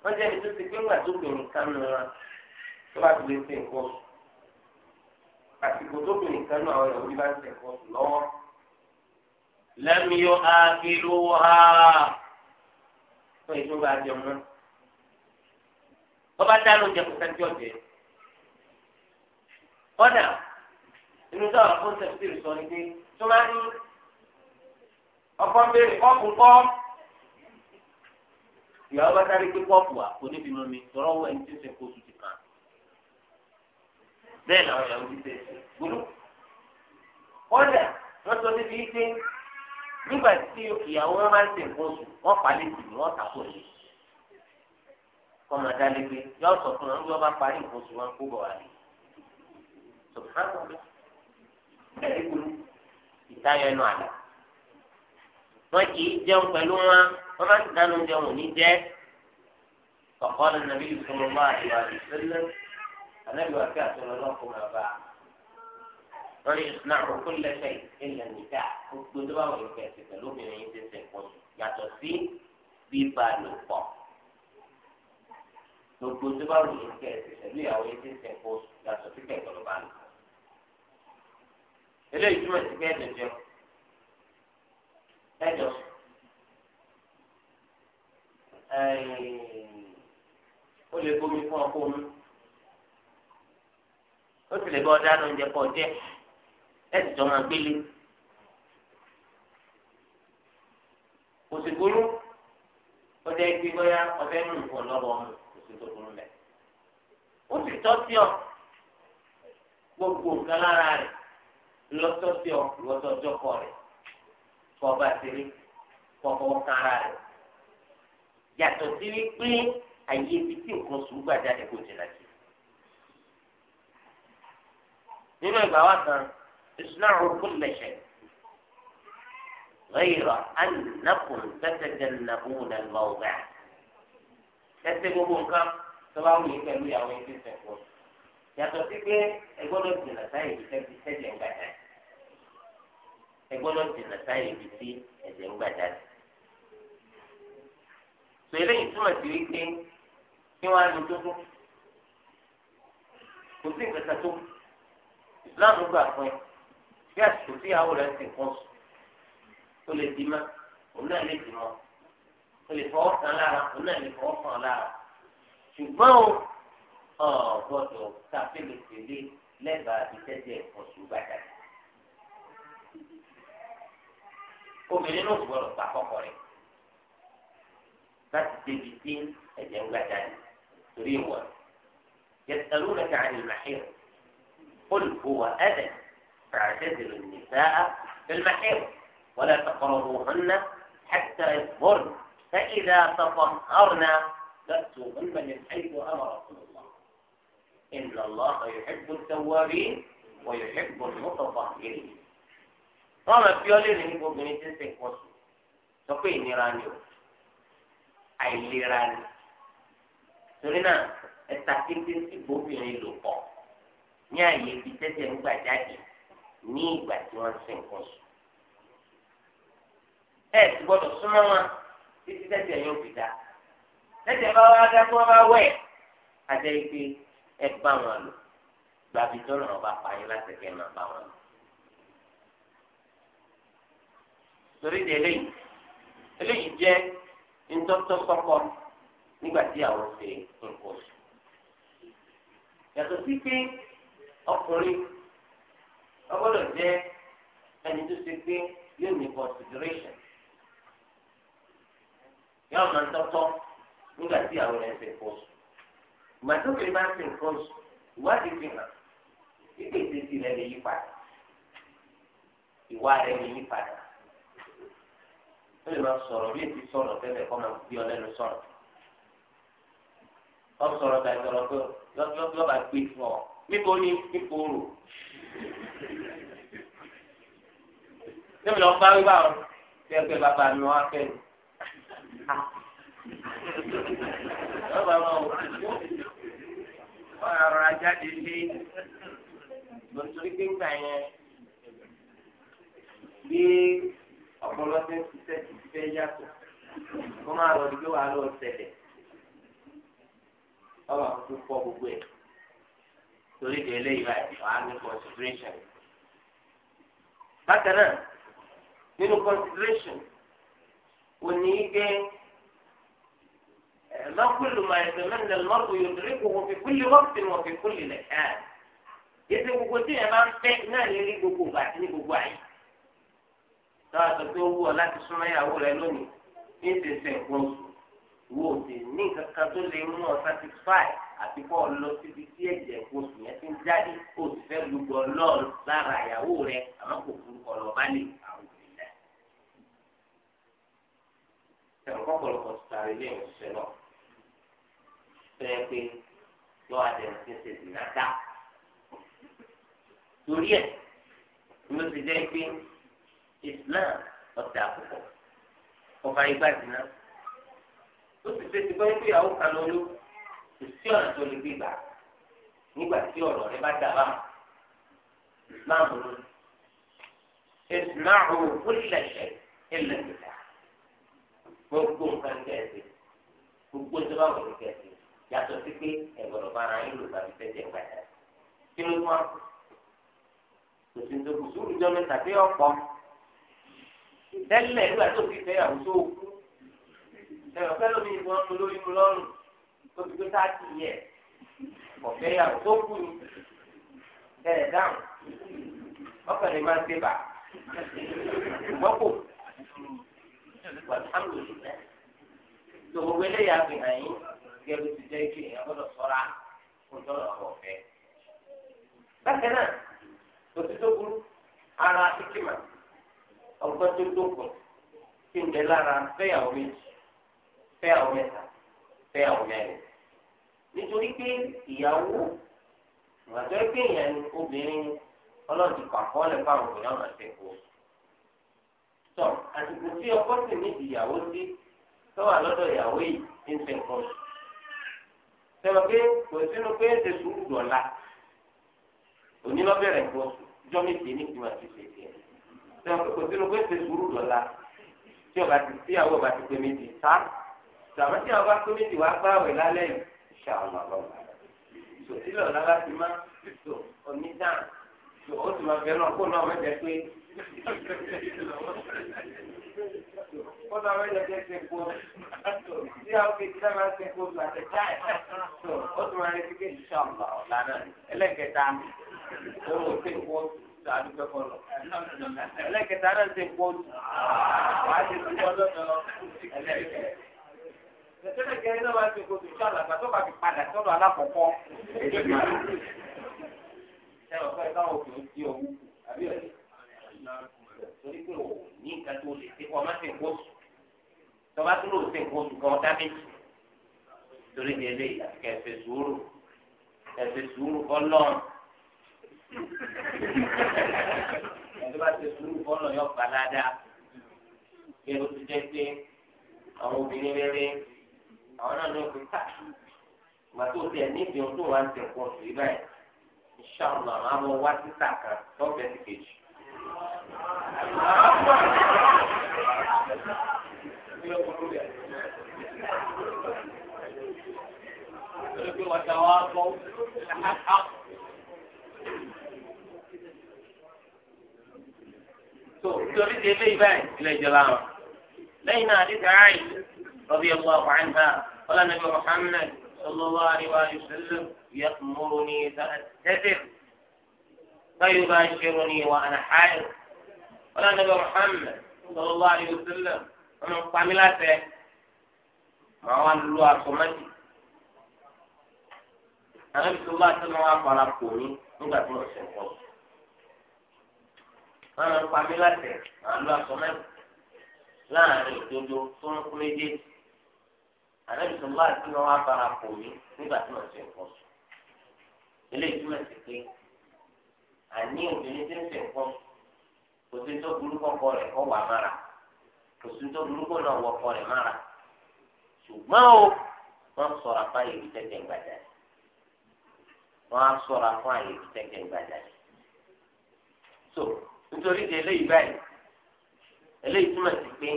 wọ́n jẹ́ ẹni tó ti àsìkò tó bìnrin kan náà àwọn ìyàwó bá ń tẹ̀kọ́ sùn lọ́wọ́ lẹ́mìíyó ákìlú ha fún ìtúbà jẹun náà bọ́bá dá lóúnjẹ kò sẹ́ńtì ọ̀jẹ̀ kọ́dà inú táwọn fún sẹ́ńtìrì sọ ni pé tó máa ń ọkọ̀ ń béèrè kọ́ọ̀pù kọ́ ìyàwó bá sáré pé kọ́ọ̀pù wà kò níbi mú mi tọ́rọ́ wọ ẹni tí ń sẹ́kọ̀ọ́ sùn ti kàn bẹ́ẹ̀ làwọn yàrá orí bẹ́ẹ̀ ṣe gbúdọ̀. kọ́dà wọ́n sọ níbi ike nígbà tí ìyàwó wọn máa ń ṣe nǹkan oṣù wọ́n pa létí ni wọ́n tàkó lé. kọ́mọ dá lépe yọ sọ fún wọn bí wọ́n bá parí nǹkan oṣù wọn kó bọ̀ wá lé. ìtayọ ẹnu àlà. wọ́n kì í jẹun pẹ̀lú wọn wọ́n máa ń dánú jẹun ò ní jẹ́. فقال النبي صلى الله عليه وسلم النبي وكاته لنقم أبا ويصنع كل شيء إلا النكاح كتبه ويكاسي فلوبي من يتسي قوي يعتصي بيبا لقا gbogbo tó bá ròyìn kẹ ìṣẹ̀lẹ̀ ìyàwó yìí ti ń sìn kó yàtọ̀ sí kẹgbọnọ bá lò. eléyìí túmọ̀ sí pé ẹ̀jọ̀ jẹun ẹ̀jọ̀ ó lè bomi fún ọkọ omi ó sì lè bọ́ dáná oúnjẹ pọ̀ jẹ́ ẹ sì jọ máa gbélé. kò sì burú ọjà ìgbé bóyá ọbẹ̀ mú nǹkan lọ́wọ́ ọmọ kò sì tó burú lẹ̀. ó sì tọ́ sí ọ gbogbo nǹkan lára rẹ̀ lọ́tọ́ sí ọ lọ́tọ́ jọ́kọ̀ rẹ̀ kọ́ ọba àtẹrí kọ́ ọkọ̀ kan ara rẹ̀. yàtọ̀ sí wípé àyè ibi tí nǹkan sùn gbàjáde kò jìnnà sí. nínú ìgbà wa kan isna'u kulla shay ghayra annakum tatajannabuna al-mawdi' ẹsẹ̀ gbogbo nǹkan tó bá wù yín pẹ̀lú ìyàwó yín fífẹ fún yàtọ̀ sí pé ẹgbọ́dọ̀ jìnnà sáyé ibi tí ẹ̀jẹ̀ ń gbàdá ẹgbọ́dọ̀ jìnnà sáyé ibi tí ẹ̀jẹ̀ ń gbàdá sọ eléyìí túmọ̀ sí wípé kí wọ́n á lu tó tó kò sí nǹkan tó kù ìsìláàmù gbà fún ẹ bí àsìkò tí ìyàwó rẹ ti kún sùn ó lè di mọ́ òun náà lè di mọ́ ó lè fọwọ́ kan lára òun náà lè fọwọ́ kan lára ṣùgbọ́n o gbọ́dọ̀ tàfẹ́lẹ̀tẹ̀lẹ̀ lẹ́bàá ìtẹ́jẹ́ ọ̀ṣù bàjẹ́ obìnrin náà gbọ́dọ̀ gbà kọ́kọ́ rẹ̀ láti débi tí ẹ̀jẹ̀ ń gbàjáde torí ìwọ̀n yẹ قل هو أذى فاعتزلوا النساء في المحيط ولا تقربوهن حتى يطهرن فإذا تطهرن فأتوهن من حيث أمركم الله إن الله يحب التوابين ويحب المتطهرين wọ́n fi ọ́ léèrè ní gbogbo tí ń sìn kọ́ sùn sọ pé ìnira ni o àìlera ni torí náà ẹ̀ta kékeré sí gbogbo ìrìn lò pọ̀. ní àyè ibi tẹ́tẹ̀ ń gbà jáde ní ìgbà tí wọ́n ń sin nǹkan sùn. ẹ ti gbọ́dọ̀ súnmọ́ wọn títí tẹ́tẹ̀ yóò fi dá tẹ́tẹ̀ bá wá dá tí wọ́n bá wẹ̀ àti ẹgbẹ́ ẹ bá wọn lò gbàbí tó lọ́wọ́ bá pa yín láti máa bá wọn lò. torí di eléyìí eléyìí jẹ́ ntọ́tọ́ sọ́kọ́ nígbà tí àwọn ṣe nǹkan sùn. yàtọ̀ sí pé ọkùnrin ọgbọ́dọ̀ jẹ́ ẹni tó ṣe pé yóò ní consideration yóò máa ń tọ́tọ́ nígbà tí àwọn ẹ̀ ń ṣe nǹkan oṣù ìgbà tó kiri máa ń ṣe nǹkan oṣù ìwádìí fi hàn kíkè ìṣesí rẹ̀ lè yí padà ìwà rẹ̀ lè yí padà ó lè máa sọ̀rọ̀ bí èsì sọ̀rọ̀ tẹ́lẹ̀ kọ́ máa gbé ọ lẹ́nu sọ̀rọ̀ ọ sọ̀rọ̀ tàbí sọ̀rọ̀ bá gbé fún ọ níbo ni ipò rò níbi lọ bá wíwá ọ tí ẹgbẹ́ bàbá mi wá fẹ́ mi bàbá mi ò wọ́n arọ ajáde lé lọ́sọ̀rí gbẹ̀ngà yẹn bí ọ̀pọ̀lọpọ̀ ṣiṣẹ́ ti fẹ́ yàtọ̀ wọ́n máa lọ dúró wà lọ́ọ́ sẹ̀lẹ̀ ọ̀rọ̀ àkókò pọ̀ gbogbo ẹ̀ torí de eléyìí báyìí wàá ní consideration. bákan náà nínú consideration kò ní í gbé mọ́kúlù máa ẹ̀sẹ̀ mẹ́rin lọ́rù yòtúrí kò wọ́n fi kúlì wọ́pì wọ́n fi kúlì lẹ̀ ẹ́ yẹtí gbogbo tí yẹn máa ń fẹ́ náà lè rí gbogbo ìgbà àti ní gbogbo àyè náà sọ pé ó wù láti súnmọ́ ìyàwó rẹ lónìí ní ìsinsìnyí nǹkan wo sì ní kankan tó lè mú ọ satisfy àti kọ́ ọ lọ síbi tí ẹ̀jẹ̀ oṣù yẹn ti ń jáde kó o sì fẹ́ lùgbọ́ lọ́ọ̀rù lára ìyàwó rẹ àmọ́ kò fún ọ̀rọ̀ bá lè àwọn òbí rẹ̀. ẹ̀rọ kọ́kọ́lọ́kọ́ ti tàrí ilé ìwòsàn náà fẹ́ pé lọ́wọ́ àdéhùn ti ń ṣe ìdìnnà dá. torí ẹ̀ ló ti jẹ́ pé Islam ọ̀tẹ̀ àkókò ọba igbá dìnnà ó sì ṣe ti gbọ́ pé ìyàwó kan lóyún kò sí ọ̀nà tó lè gbégbà nígbà tí ọ̀rọ̀ rẹ bá dà bá máa mú un ìsìnmáàrún òkúlẹ̀ṣẹ̀ ilẹ̀ níta gbogbo nǹkan kẹ̀sì gbogbo tó bá wọlé kẹ̀sì yàtọ̀ sí pé ẹ̀gbọ̀dọ̀ bá ara yín lò tàbí tẹ̀sẹ̀ gbàdá kí ló wá kò sí nítorí sùúrù jọ mẹ́ta ọ̀pọ̀ tẹ́lẹ̀ nígbà tó fi fẹ́ àwọn tó ẹ̀rọ pẹ́lú mi ìbọn mu lórí mu lọ́rùn tó ti gbé táàtì yẹ ọ̀fẹ́ yàwó tó kù ní ẹ̀ dáhùn ọkàn lè máa ṣe bà mọ́kò alhamdulilayi tó gbogbo eléyà fi hàn yín gẹ́gẹ́ ti jẹ́ kí èèyàn gbọ́dọ̀ sọ́ra kó tó lọ́wọ́ ọ̀fẹ́. bákan náà òtítọ́ burú ara ikima ọgbọ́n tó dókun tí ń bẹ lára fẹ́yàwó méjì fẹ́yàwó mẹ́ta fẹ́yàwó mẹ́rin nítorí pé ìyàwó ìgbàjọ́ pé èèyàn ni obìnrin ọlọ́ọ̀dì pàpọ́ lè fáwọn obìnrin ọ̀nà àtẹ̀kọ́ tọ́ àsìkò tí ọkọ sì ní ìyàwó sí tọ́wà lọ́dọ̀ ìyàwó yìí ń ṣe nǹkan sẹ́wọ̀n pé kò sínú pé ń ṣe sùúrù dọ̀la òní lọ bẹ̀rẹ̀ nǹkan jọ́ méje ní ìgbìmọ̀ àti ìṣèṣe sẹ́wọ̀n pé kò sínú pé ń ṣe sùúrù dọ̀la tí ọba ti tíyàwó ọba ti pè méjì sáà tàbí tí wọn bá tó méjì wá bá àwẹ̀ lálẹ́ yìí ṣe àwọn àbá wọn. sòtílọ̀ lára ti máa sò onídàn sò ó sì máa fẹ́ náà kó náà wọ́n jẹ pé kó náà wọ́n jẹ pé ṣe kó tí a fi tí a máa ṣe kó lu àtẹ̀já ẹ̀ sò ó sì máa retí pé ṣe àwọn àbá wọn lánàá ẹlẹ́kẹta owó ṣe kó àdúgbò kọlọ. ẹlẹ́kẹta náà ṣe kó wàá ṣe kó lọ́dọ̀ ẹlẹ́kẹta tẹ́lẹ̀ kẹrin náà wá sí kó tó ṣáà làgbà tó bá fi padà sọ́dọ̀ alákọ̀ọ́kọ́ èdè máa ẹ ọ̀pọ̀ ẹ̀ o ní nǹkan tó lè ṣe kó ọmọ ṣe nǹkan oṣù tọ́ba tó lò ṣe nǹkan oṣù kan ọ̀dá méjì torí ní eléyìí àti kẹfẹ sùúrù kẹfẹ sùúrù ọlọ́run ẹni bá ṣe sùúrù ọlọ́run yóò gbà dáadáa kí ẹ ló ti àwọn náà ló ń pè ká ìgbà tó tiẹ̀ níbi ohun tó wà ń tẹ̀kọ́ oṣù yìí báyìí ìṣàlùmọ̀ àwọn àmọ́ wá títà kan lọ́fẹ̀ẹ́ ti kejì. وتواصوا الحق torí ti eléyìí báyìí ilé ìjọba wọn lẹ́yìn náà àdìsí àáyí رضي الله عنها قال النبي محمد صلى الله عليه وسلم يأمرني فأتبع فيباشرني وأنا حائض قال النبي محمد صلى الله عليه وسلم ومن قاملاته ما هو الله صمتي أنا صلى الله عليه وسلم وقال أقولي nígbà tí mo ṣe ń pọ̀ wọn lọ pa mí láti àlọ́ ànábì tó máa tí wọn á fara kò mí nígbà tí wọn ṣe ń pọ̀jù eléyìí túmọ̀ sí pé àní obìnrin tí ń ṣe ń pọ̀ kò sí tó burúkọ kọ rẹ̀ kọ́ wà mára kò sí tó burúkọ náà wọ kọ rẹ̀ mára ṣùgbọ́n o wọ́n sọ̀rọ̀ apá yìí tẹ́tẹ́ gbàdá wọ́n á sọ̀rọ̀ apá yìí tẹ́tẹ́ gbàdá so nítorí eléyìí báyìí eléyìí túmọ̀ sí pé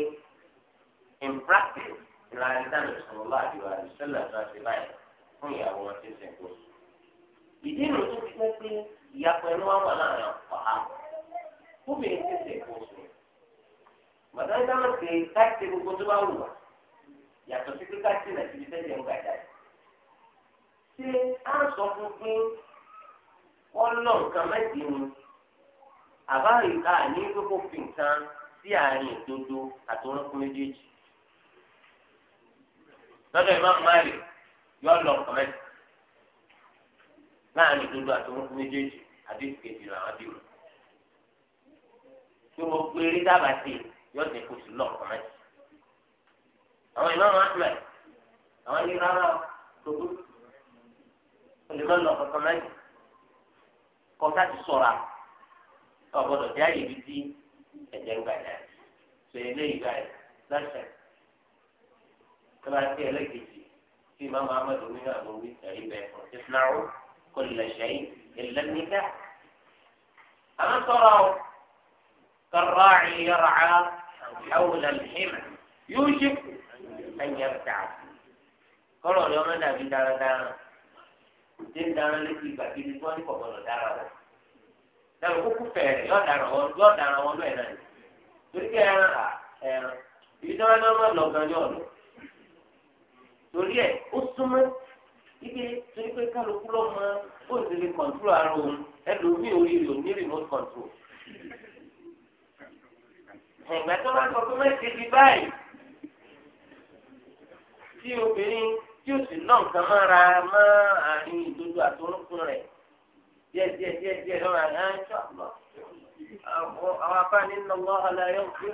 in practice ìlànà ìdáná ìṣòro láàbí wa ìṣẹ̀lẹ̀ tó a ti báyìí fún ìyàwó wọn ti sìnkú. ìdí ìrò tó ti pẹ́ pé ìyàpọ̀ ẹnu wọn wà láàrin ọ̀pá fúnbìnrin ti sìnkú sùn. bàtà ìdáná pé káàkiri gbogbo tó bá wù wá yàtọ̀ sí pé káàkiri náà ti fi sẹ́jẹ̀ ń gbàdá. ṣé a sọ fún pé wọ́n lọ nǹkan mẹ́tì ni àbáyé ká ní gbogbo fi sí àárín ìdodo àtọ́rọ́kùn méjèèjì lọ́dọ̀ ìmáàmù máàlì yọ lọ kọ́mẹ́ láàrin dúdú àti mọ́tò méjèèjì àbí kejì làwọn bí wọn. tí wọ́n pé rí dábàá sí yọ ní kó sí lọ kọ́mẹ́. àwọn ìmáàmù ahmed àwọn ní rárá tóbi olùmọ̀ lọ kankan mẹ́rin kọ́ńtà ti sọ̀ra ọ̀gbọ́dọ̀ jáde ibi tí ẹ̀jẹ̀ ń gbàjà ṣe eléyìí báyìí lọ́sẹ̀ tó bá ti ẹlẹ́kejì tí ìmáàmù ahmed oníyà ló wí ẹ̀rí bẹ́ẹ̀ fún ìsìnàrú kò lè ṣẹ́yìn ìlẹ́nìkà. àwọn sọ̀rọ̀ o kọ̀rọ̀ àìyọ̀rọ̀ àwọn àwòlẹ̀ yóò ṣe ẹ̀yẹ ta kọ́rọ̀ rẹ̀ ọmọ dàbí dáradára ṣé ń dára létí ìgbà tí ibi tí wọ́n ní kọ̀ọ̀kan dára wọ̀ dára kúkú fẹ̀rẹ̀ yọ̀ dára wọn yọ̀ dára wọ́n náà torí ẹ̀ ó súnmọ́ ibi torí pé kálukú lọ mọ ó sì lè kọ̀ǹtúrò ara òun ẹlòmíì orí rẹ̀ ò ní remote control. ẹ̀gbẹ́ tó bá sọ pé mẹ́sì ti báyìí tí obìnrin tí ó sì ná nǹkan mára máa àárín ìdodo àtọ́nùkún rẹ̀ díẹ̀ díẹ̀ díẹ̀ díẹ̀ lọ́ra ẹ̀ ń ṣọ́ àbúrò àwọn afá ní nàlọ́ àlàyé òfin.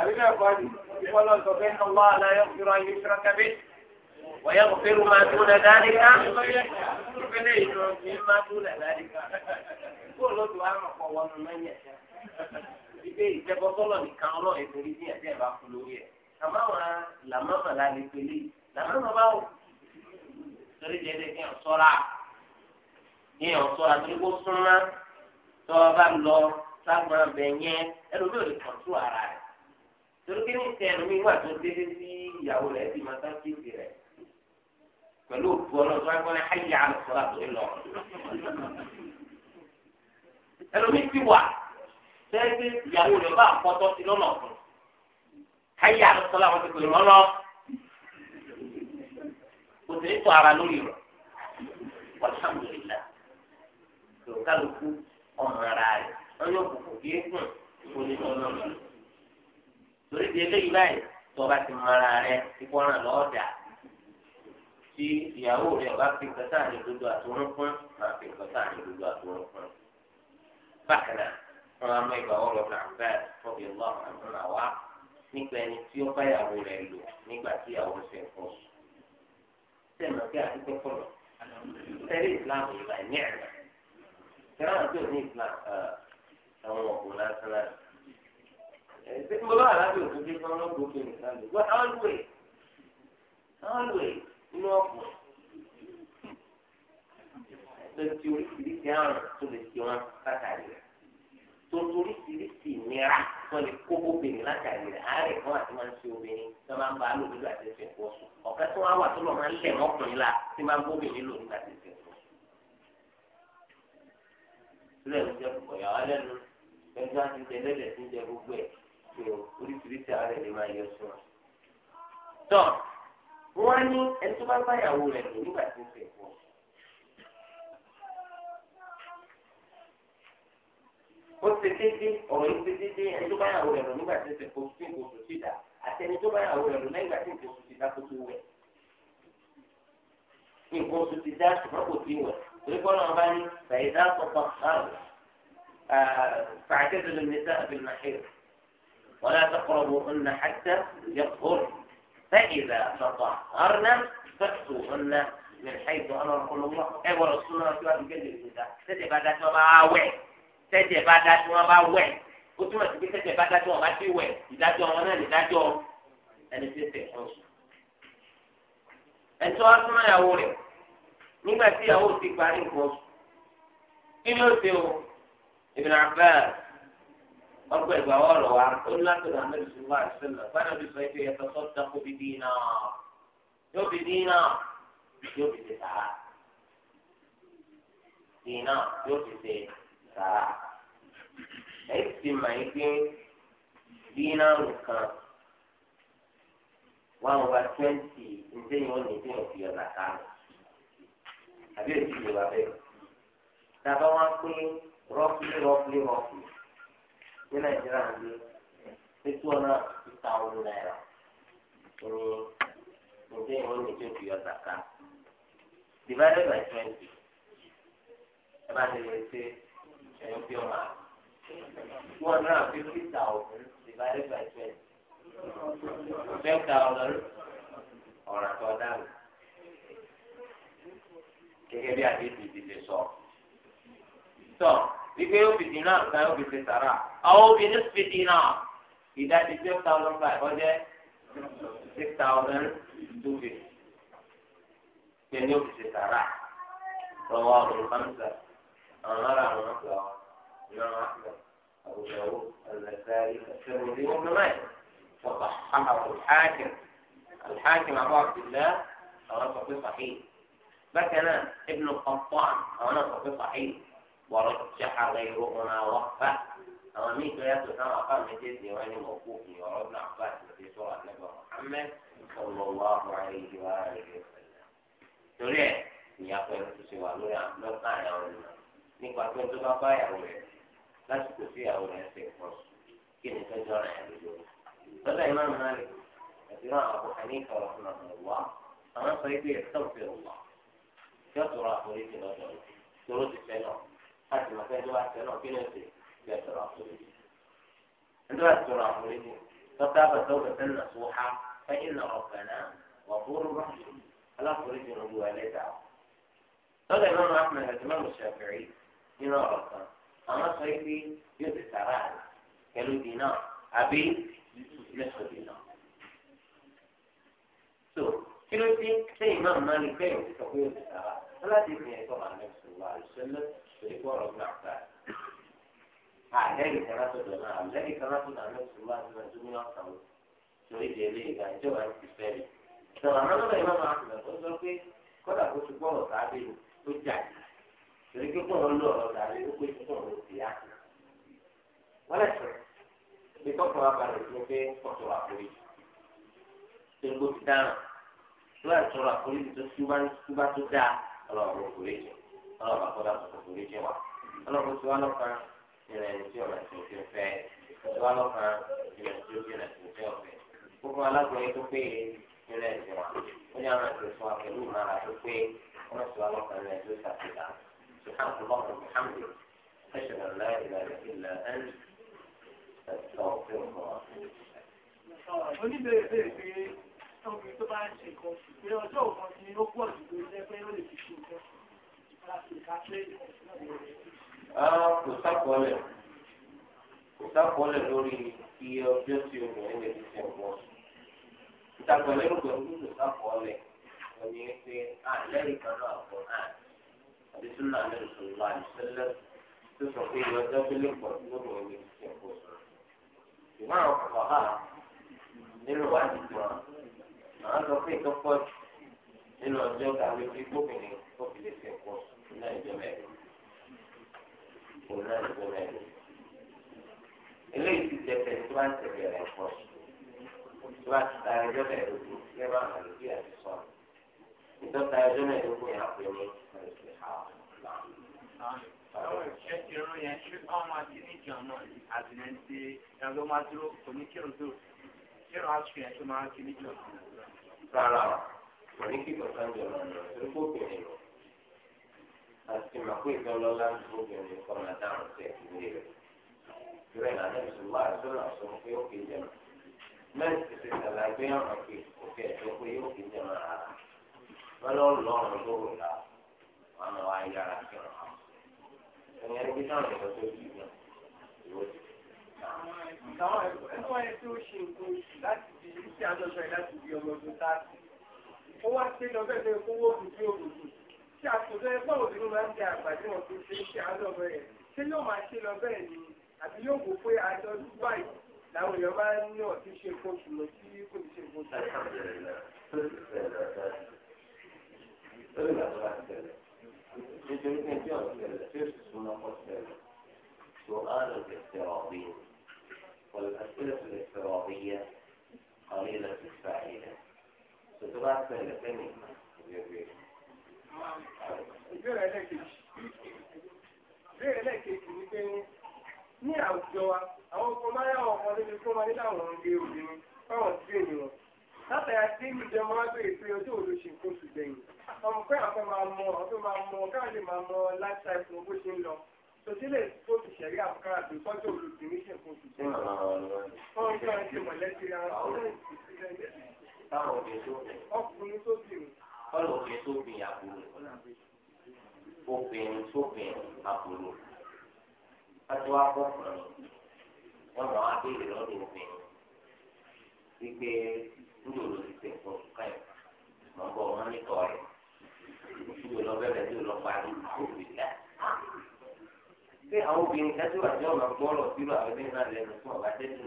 àbíkẹ́ ẹ̀kọ́ ni ìfọlọ́ sọ pé nàlọ́ àlàyé òfin rọ ayé ìṣúra kẹ́bí. ويغفر ما دون ذلك إليه مما دون ذلك kúrò lọ́dọ̀ wa máa kọ́ wọn máa ń yàtọ̀. Ibi ìjẹ́bọ́ sọ́lọ̀ nìkan ọlọ́run ìtòrí ní ẹ̀jẹ̀ bá kú lórí ẹ̀. Àmọ́ àwọn làmọ́mọ́ la lè pélé. Làmọ́mọ́ bá wò. Torí jẹ́jẹ́ kí ọ̀ Kí ọ̀ tọ́ ọ bá ń lọ sáwọn abẹ yẹn ẹlòmí ò lè kàn tó ara rẹ̀ torí kí ní ìtẹ ẹlòmí wà tó dédé sí ìyàwó rẹ̀ ẹ̀sìn máa sá sí ìdí rẹ̀ pẹ̀lú òkú ọlọ́dún wọn ní ayé àlùfọ́lá tó lọ. ẹlòmí ti wà sẹ́ẹ̀sì ìyàwó rẹ̀ bá àkọ́tọ́ sí lọ́nà ọ̀gbìn ayé àlùfọ́lá wọn ti pè wọ́n lọ kò sí ní tó ara lórí rẹ̀ wọ́n ọmọ ara rẹ̀ lọ́yọ̀ kòkò kí ń kùn kó ní lọ́nà rẹ̀. torí di eléyìí báyìí tó bá ti mọ ara rẹ̀ ikú ọ̀ràn lọ́wọ́ dà tí ìyàwó rẹ̀ ọba fi nǹkan sáà ní dodo àtúrún fún máa fi nǹkan sáà ní dodo àtúrún fún. bákan náà wọn á mọ ìgbà ọ̀rọ̀ náà bẹ́ẹ̀ fọbi ọlọ àwọn àwa nípa ẹni tí ó bá ìyàwó rẹ̀ lò nígbà tí ìyàwó rẹ̀ fẹ́ fọ́. sẹ́ẹ̀mọ̀ kí àdúgbò fọlọ̀ tẹ́lẹ̀ ìsìláàmù ìgbà ní ìran àti òní islam àwọn ọkùnrin lásán láti. ṣé mo bá aláàbò tó dé fún ọlọ́gbọ̀n òkè nìkan lè wọ́n àwọn lùwẹ̀ àwọn lùwẹ̀ inú ọkùn lè ti oríṣiríṣi àrùn tó lè ti wọn látàrí rẹ̀ tó oríṣiríṣi ìnira tó lè kó obìnrin látàrí rẹ̀ àárẹ̀ kan àti máa ń ṣe obìnrin tó máa ń bá a lò nígbà tí ń ṣe ọ̀kẹ́ tó wá wà tó lọ́ sílẹ̀ ló jẹ́ púpọ̀ yàrá lẹ́nu ẹni tó ti tẹ̀lé lẹ̀ tó jẹ gbogbo ẹ̀ tó oríṣiríṣi ààrẹ lè máa yọ sí wọn. tọ́ wọ́n ní ẹni tó bá báyàwó rẹ̀ lò nígbà tí ó fẹ́ pọ̀. ó ṣe déédé ọ̀rọ̀ yìí ṣe déédé ẹni tó báyàwó rẹ̀ lò nígbà tí ó fẹ́ pọ̀ sí ìkòsò síta àti ẹni tó báyàwó rẹ̀ lò nígbà tí ìkòsò síta tó tó wẹ̀. ìkòsò síta ṣùgbọ́n kò tí wẹ̀. ويقول أغاني فإذا تطهر فاعتذر النساء في المحيض ولا تقربوهن حتى يطهرن فإذا تطهرن فأتوهن من حيث أمركم الله أي ورسول الله صلى الله عليه النساء tẹ́tẹ̀ bá dá tí wọ́n bá wẹ̀ tẹ́tẹ̀ bá dá tí wọ́n bá wẹ̀ ó túmọ̀ sí pé tẹ́tẹ̀ bá dá tí wọ́n bá ti wẹ̀ ìdájọ́ wọn náà nìdájọ́ ẹni nígbà tí ìyàwó ti parí nǹkan oṣù kí ni ó ṣe o Ibn Abbas ọgbà ìgbà ọ̀rọ̀ wa ó ní láti rà mẹ́rin sí wa àṣìlẹ̀ gbọ́dọ̀ bí sọ pé ẹ̀ka tó dáko bí dín náà yóò bí dín náà yóò fi ṣe sàrà dín náà yóò fi ṣe sàrà ẹ̀ sì mà yín pé dín náà nìkan one over twenty ǹjẹ́ yìí wọ́n ní tí wọ́n fi ọ̀dà ká àbí èyí ti wà bẹ́ẹ̀. Dàbá wá pé roughly roughly roughly ní Nàìjíríà ń gbé ní two hundred and thousand naira ǹjẹ́ ìwọ ní ìjọ fi ọ̀dà ká. Divided by twenty ẹ bá lè ṣe ẹ̀yọ́ fi ọmọ àná. Two hundred and fifty thousand divided by twenty. Ten thousand ọ̀ràn tó dáhùn. gẹ́gẹ́ bí àdéhùn ti ṣe sọ. tọ́ wípé ó fi dínà kan ó fi ṣe sàrà àwọn obìnrin fi dínà ìdájí six thousand five ọjẹ́ six thousand two fifty kẹ́ni ó fi ṣe sàrà lọ́wọ́ olùkọ́mísà àwọn ará àwọn ọ̀gá ìnáwó àgbà àwùjọ àlùfáàrí àtẹ̀wọ̀dé wọn mẹ́rin wọ́n bá àmàlù alḥákìm alḥákìm àbọ̀ àbdùlá àwọn sọ pé fàáyì. بكنا ابن القطان أنا في صحيح ورجح غيرهما وقفة أو ميت يا سبحان أقام جد وأنا موقوفي وابن عباس في سورة النبي محمد صلى الله عليه وآله وسلم ترى يا ولد nípa pé tó bá báyàwó rẹ̀ lásìkò sí ìyàwó rẹ̀ ṣe pọ̀ kí ni tọ́jú ọ̀ràn ẹ̀ lójú rẹ̀. lọ́dọ̀ ìmáàmù náà rẹ̀ àti náà àbúkà ní ìkọ̀rọ̀ fún ọ̀rọ̀ wá wà. yóò tọrọ àforíjì lọ́dọ̀ rẹ̀ tóró ti fẹ́ náà láti máa fẹ́ tó bá fẹ́ náà kí ló ṣe yóò tọrọ àforíjì. ẹni bá tọrọ àforíjì tọ́ta bá tọ́ bẹ̀ sẹ́nu àti wọ́n á fẹ́yìn náà ọ̀gànà wà fúru bá aláforíjì ló wà lẹ́dà. lọ́dọ̀ ìmọ̀ máa fún ẹ̀rọ ìmọ̀ mùsàfẹ́rì nínú ọ̀rọ̀ kan àwọn sọ pé yóò ti sàrà pẹ̀lú dínà àbí mẹ́sàn-án dínà. kí ló dé sẹ́yìn máa máa ní bẹ́ẹ̀ òun sọ pé òun sára aláàdé fi ẹ̀tọ́ máa ní ìṣòro àìsílẹ̀ lórí bọ́ọ̀rọ̀ gbà gbà. àlẹ́rìí kan látọ̀dọ̀ náà àlẹ́rìí kan látọ̀dọ̀ àmì ìṣòro àìsílẹ̀ tó ní ọ̀sán torí di eléyìí gan ìjọba ti fẹ́ rí. ìjọba náà lọ́dọ̀ ìmọ̀ máa tẹ̀lé tó sọ pé kọ́dà kó ti gbọ́rọ̀ sáábì tó ẹ̀ tọrọ àforíjì tó túbá túbá tó dáa ọlọ́run àforíjì ọlọ́run àkọ́dá àforíjì wa ọlọ́run tí wọ́n lọ́kàn ìrìn ẹni tí ọ̀rọ̀ ẹ̀sìn òfin fẹ́ tí wọ́n lọ́kàn ìrìn ẹni tí ó jìnà sí ìfẹ́ ọ̀fẹ́ gbogbo alágbọ̀nyé tó pé ìrìn ẹ̀sìn wa ó ní àwọn ẹ̀sìn fún wa pẹ̀lú ìmọ̀ràn tó pé wọ́n ti wọ́n lọ́kàn ìrìn ẹni tó ṣàfihàn سبحانك اللهم وبحمدك أشهد أن لا إله إلا أنت أستغفرك وأتوب إليك tóbi tó bá ń ṣe nǹkan oṣù pé ọjọ́ òkan ni ó pọ̀ jù lórí jẹ́ pé ó lè fi ṣe nǹkan ah, kò sákọọlẹ̀ kò sákọọlẹ̀ lórí iye ọjọ́ tí obìnrin lè fi ṣe nǹkan oṣù ìtàgbọ̀lẹ́ ló gbọ́dọ̀ kó sákọọlẹ̀ òní pé àlẹ́rìí ah, kan náà kọ́ náà àbí súnà lẹ́nu sọ̀rọ̀ wà tó sọ pé iye ọjọ́ tó lè pọ̀ jù lè fi ṣe nǹkan oṣù ìwọ́n àwọn sọ pé ìtọ́ pọ̀ jù nínú ọjọ́ kàwé fi gbóbìnrin tó fi lè fẹ́ pọ̀ nínú ìjọ mẹ́rin nínú ìjọ mẹ́rin eléyìí ti jẹ pẹ̀lú tó bá ń tẹ̀lé rẹ̀ pọ̀ tó bá ti ta ẹjọ́ mẹ́rin lójú kí ẹ bá hàn lójú àti sọ ìtọ́ta ẹjọ́ mẹ́rin lójú yà pé ní ẹ̀sìn àwọn àwọn ìṣe ìrún yẹn ṣé ọmọ àti níjọ náà àtìlẹ́yìn tí ẹgbẹ́ máa dúró kò ní kírun dúró. rárá kò ní kíkọ sáńjọ lọ́nà torí kó bìnrin lọ àti màkó ìfẹ́ ọlọ́lá ń tó bìnrin kọ́ máa dáhùn sí ẹ̀kúnlé rẹ̀ ìrẹ́ náà ní ìṣòwò àdúrà sọ pé ó kéde mọ́ mẹ́rin ti ṣe ṣàlàyé àwọn pé òkè ẹ̀jọ́ pé ó kéde mọ́ rárá wọ́n lọ́ lọ́rùn lóru là wọn àwọn ayára kí wọ́n hàn ẹ̀yẹ́ ní bí táwọn ìṣòwò tó yìí náà ìwọ́sí. àwọn ẹ̀kọ́ ẹ̀ tó ṣe nǹkan láti fi sí àjọṣọ láti fi ọmọ ọdún táàtì. ó wá sí lọ bẹ́ẹ̀ bẹ́ẹ̀ kówó òkùn sí òkùnkùn. tí a kò fẹ́ gbọ́ òbí máa ń jẹ àgbàdo wọn tó ṣe sí àjọṣọ rẹ̀ ṣé yóò máa ṣe lọ bẹ́ẹ̀ ni àbí yóò wò pé àjọ dubai làwọn èèyàn máa ń ní ọtí ṣe fún lọ sí kò ní ṣe fún والأسئلة الافتراضية قليلة الفائدة ستبعث سنتين ìbéèrè ẹlẹ́kejì ìbéèrè ẹlẹ́kejì ni pé ní àwùjọ wa àwọn kan máa yàwọn ọmọ níbi tó máa nílò àwọn ọmọdé obìnrin fáwọn tí èmi wọn látàrí tí ìjọ máa béèrè pé ojú òru ṣe nǹkan gbẹ̀yìn ọmọ pé àwọn máa mọ àwọn tó máa mọ káwọn lè máa mọ láti ṣàìsàn bó ṣe ń lọ sọtílẹ̀ tó ti ṣẹ̀rí àbúkárà tó tọ́jú olùsìnmí ṣe fún òṣìṣẹ́ ọ̀hún kí wọ́n ṣe mọ̀lẹ́bí ara ọkùnrin tó bìnrin. ọ̀rọ̀ tó bìnrin àbúrò obìnrin tó bìnrin àbúrò wájú akọkùnrin wọn mọ abéèrè lọ́dọ̀ obìnrin wípé níbi olùsìnṣẹ́ fún òṣìṣẹ́ mọ̀ bọ́ wọn ní tọ́ rẹ̀ níbi lọ bẹ̀rẹ̀ tí ó lọ parí pé àwọn obìnrin dájú àjọ ọ̀nà gbọ́rọ̀ sílò àwọn ẹbí náà lẹ́nu fún ọ̀gá tẹ́tù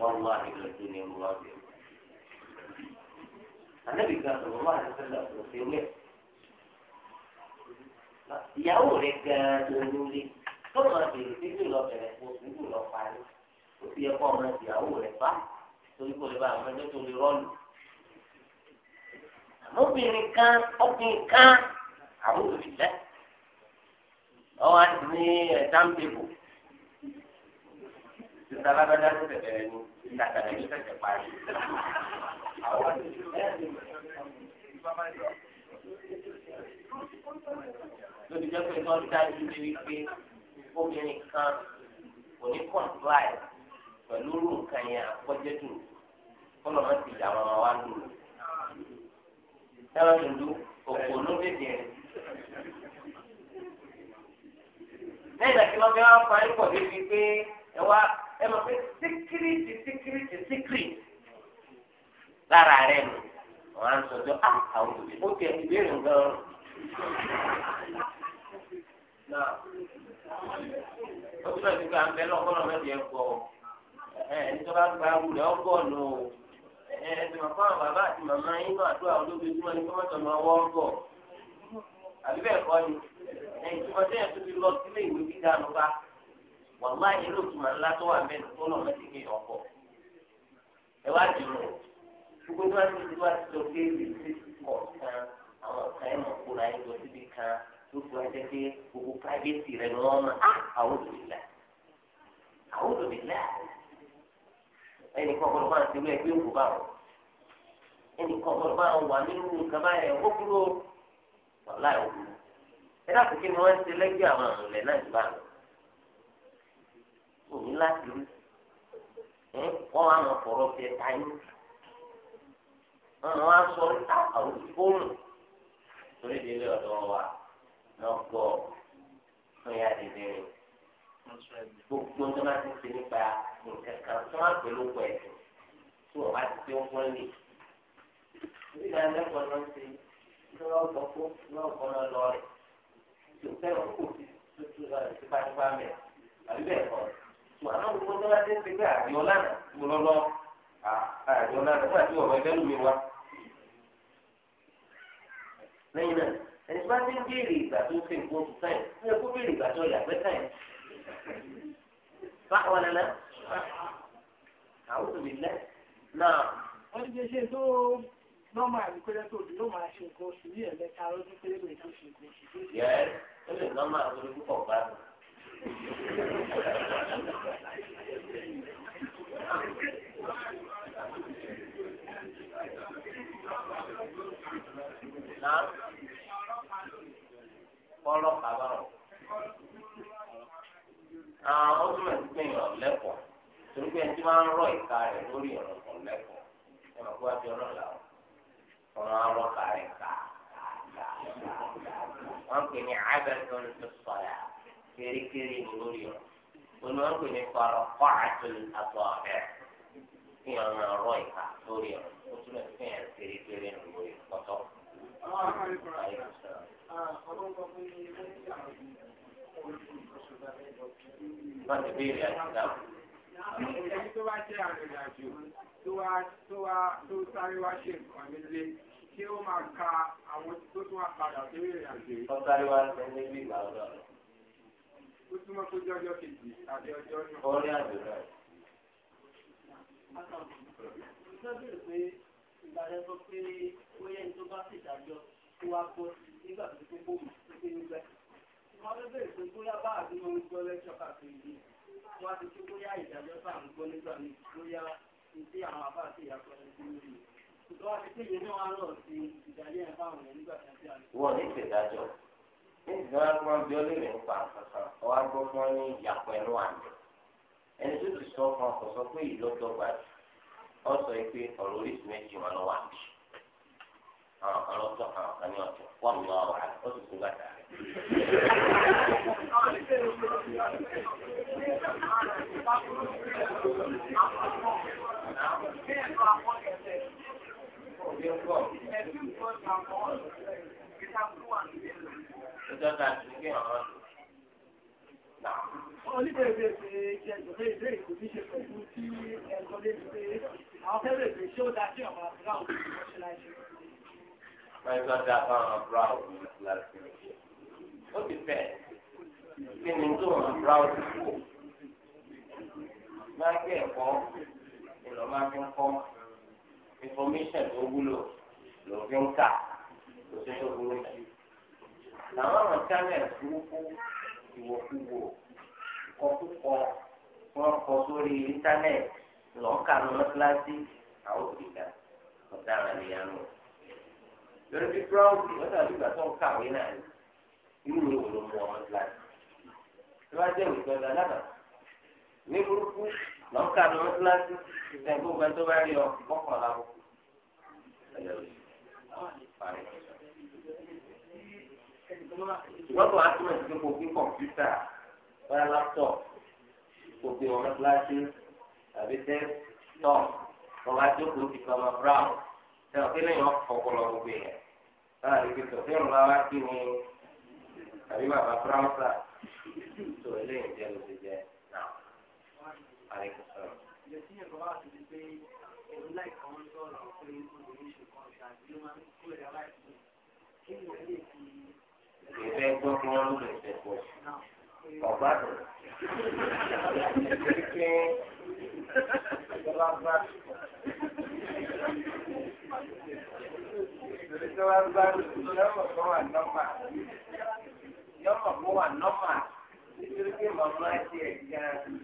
wọn wá ìlú tó ní ìlú wọn bẹ̀rẹ̀. ànábì kan sọ̀rọ̀ wá àtẹ́sẹ́lẹ̀ òfin wẹ̀. ìyàwó rẹ̀ gan-an ló ń lé tọ́nà bèrè títí lọ bẹ̀rẹ̀ kó sùúrù lọ parí ó fi ẹ̀kọ́ ọmọ ìyàwó rẹ̀ bá torí kò lè bá àwọn ẹgbẹ́ tó lè rọ́ọ̀lù. àmọ́ obìnrin kan ọkùnrin kan àbúrò ìlẹ́sìn ọwọ́ á ní ẹ̀dám tèbù títa alágbádá ti tẹ̀ bẹ̀rẹ̀ ní títa tàbí ní tẹ̀tẹ̀ parí. lórí jẹ́ pé tó ń dájú ní wípé obìnrin kan kò ní kọ̀ǹpláì pẹ̀lú nǹkan yẹn àkọ́jẹ́dù kọ́lọ̀ máa ti dà wọn wá lòlù. ẹ̀rọ ìlú òkò ló bèbè lẹ́yìn náà kí wọ́n fi wá fa ẹ̀kọ́ débi pé ẹ wá ẹ mọ̀ pé síkírìtì síkírìtì síkírìtì lára rẹ̀ nù wọ́n á sọ jọ ah, àwọn òbí ó tiẹ̀ ìbéèrè nǹkan. ó ti lọ́kọ́lọ́ gbọ́ bá mọ̀ fún àwọn bàbá àti màmá yín náà àdúrà olóògbé tí wọ́n ní kọ́mọ́tò máa wọ́ ẹ̀yìn tí wọ́n tẹ́yà tó fi lọ sílé ìwé gíga ló bá wọ́n máa yẹ lóòtúmọ̀ ńlá tó wà mẹ́rin tó lọ́ mẹ́tì kí èèyàn kọ̀. ẹ wá dìbò gbogbo tí wọ́n ti ti wá ti lọ pé èdè ti pọ̀ kan àwọn kan ẹ̀ mọ̀ kóra ẹ̀ lọ síbi kan tó fi wá jẹ́ pé gbogbo pàgẹ́tì rẹ̀ wọ́n mọ̀ àwọn òbílà àwọn òbílà ẹnì kan kọ́ máa ti wú ẹgbẹ́ òkú bá wọn ẹnì kan kọ́ máa wà nínú nǹkan báyẹn ó kúrò wàláì ó kúrò ẹ dàpọ̀ kí ni wọ́n ń ṣe lẹ́gbẹ̀ẹ́ àwọn àrùn lẹ̀ náà nígbà náà òní láti rí wọ́n wá mọ̀ fọ̀rọ̀ fẹ́ táyé wọ́n wá sọ àwọn fóònù torí délé ọ̀dọ́ wa náà gbọ́ fún ya dèdè rẹ̀ gbogbo tó bá ti ṣe nípa nǹkan kan tó wá pẹ̀lú pẹ̀ tí wọ́n bá ti ṣe ń fún lè. nígbà lẹ́kọ̀ọ́ náà ṣe lọ́wọ́ gbọ́ lọ́wọ́ kan tí o fẹ́ràn tipátipá mẹ́ àbí bẹ́ẹ̀ kọ́ tó gbogbo tó bá dé ṣe pé àbí ọlànà tí mo lọ́lọ́ àbí ọlànà fún àti ọ̀rọ̀ ẹgbẹ́ lómi wa. lẹ́yìn náà ẹni tí wọ́n ti ń béèrè ìgbà tó ṣe nǹkan oṣù sáyẹn ó yẹ kó béèrè ìgbà tó yàgbẹ́ sáyẹn. báwo ni náà àwọn òbí náà. wọ́n ti tó nọ́mà àbíkọ́jẹ́ tó di yóò máa ṣe nǹkan oṣù ní ẹ̀mẹ́ta lọ́dún pé lè tó ṣe nǹkan oṣù. yẹ ẹ lè nọ́mà àbúrò púpọ̀ bá mi. náà kọ́lọ́ kàbárọ̀ àwọn ọdún ẹ̀ ń pè yàn lẹ́kọ̀ọ́ torí pé ẹni tí máa ń rọ ìka rẹ̀ lórí ọ̀rọ̀ kan lẹ́kọ̀ọ́ ẹ̀ máa kó wá bí ọlọ́ọ̀la ọ̀. ọmọ ọlọ́kà rẹ̀ kà wọ́n pè ní abẹ́tò ní sọ̀yà kérékéré ní lórí ọ̀ òní wọ́n pè ní kọ́rọ̀ kọ́ àti àbọ̀ ẹ̀ ìka lórí ó túnbọ̀ kérékéré ní ti bí ìrìn àjò tó wá tó wá tó sáré wá ṣe nǹkan nílé kí ó máa ka àwọn tó tún wá padà tó rìnrìn àjò yìí. wọ́n sáré wá sí ní ibi ìgbà ọ̀dọ́. ó túmọ̀ tó jẹ́ ọjọ́ kejì àti ọjọ́ náà. ó rí àjò náà. ìtọ́jú pé ìbàdàn sọ pé ó yẹ ní tó bá sì dájọ́ kó wá gbọ́ nígbà tó tó bò mí pé ń gbẹ́. wọ́n fẹ́ bẹ̀rẹ̀ pé bóyá bá àdúgbò ń gbọ́ lẹ́ṣọ̀ káàkiri yìí wọ́n á ti tó bóyá ìdájọ́ ìdí àwọn àbá àti ìyàtọ̀ ẹ̀sìn lórí ìtọ́wá ti kéde ní wọn lọ sí ìdálẹ́ ẹ̀ fáwọn ẹ̀ nígbà tí a ti. wọ́n ní ìṣèdájọ́ ní ìdájọ́ wọn bí ọlẹ́rìí ń pa nǹkan ọwọ́ agbọ́gbọ́n ní ìyàpọ̀ ẹnu àná ẹni tó ti sọ fún ọkọ̀ sọ pé ìlọ́dọ̀gba ọ sọ pé ọ̀rọ̀ oríṣi méjì wọn lọ́wọ́ àbí àwọn kan lọ́tọ̀ àwọn kan ní ọ̀tọ̀ wọ́n mi lọ́wọ́ àbí ó sì tún bàtà rẹ̀. Ìjọba ọ̀rọ̀ lò. Oníbẹ̀rẹ̀ ṣe ṣe ìjọba ìlú Èkó ṣe pẹ̀lú tí ẹ̀kọ́ lè ṣe àwọn fẹ́rẹ̀ ṣé ó dá ọ̀rọ̀ àbúrà òkú mọ́ṣáláṣí. Wọ́n Ó ti fẹ́ kí ni tó àbúrà òkú kù. Máa ń gbé ẹ̀kọ́ lọ́ máa fi ń kọ́ information tó wúlò ló fi ń kà kò sí tó burú mẹ́. làwọn àwọn channel burúkú ìwòkuwò ìkọkúkọ wọn kọ sórí internet lọ́ọ̀kà lọ́síláṣí àwọn òbíkà ọ̀daràn nìyanu. lórí bí búráùdì wọ́n tàbí ìgbà tó ń kàwé náà irú rẹ̀ wò ló mú ọmọ síláṣí. tí wọ́n á jẹ́ òṣìṣẹ́ ọ̀dà dábàá ní burúkú lọ́ọ̀kà ló ń kíláàsì ìfẹ́ gbogbo ẹni tó bá rí ọ mọ́kànlá o. lọ́tọ̀ á túmọ̀ sí kó kí kọ̀m̀pútà báyà láptọ̀ kó gbé wọn kíláàsì tàbí tẹ́ tọ̀ wọn bá jókòó ti kọ́ ọmọ brown tẹ ọ kílẹ̀ yọ ọpọlọ gbogbo yẹn náà lè fi tọ̀sí ọ̀rọ̀ lára kí ni àbí bàbá brown sà tó eléyìí jẹ́ ló ti jẹ́ àríkù sọ̀rọ̀. ìfẹ́ gbọ́ kí wọ́n ló lè fẹ́ pọ̀ ọ̀gbá tó pé ìjọba bá ìjọba bá yọmọ kó wà nọ́mà yọmọ kó wà nọ́mà nítorí pé màmá ẹ̀ tiẹ̀ gan-an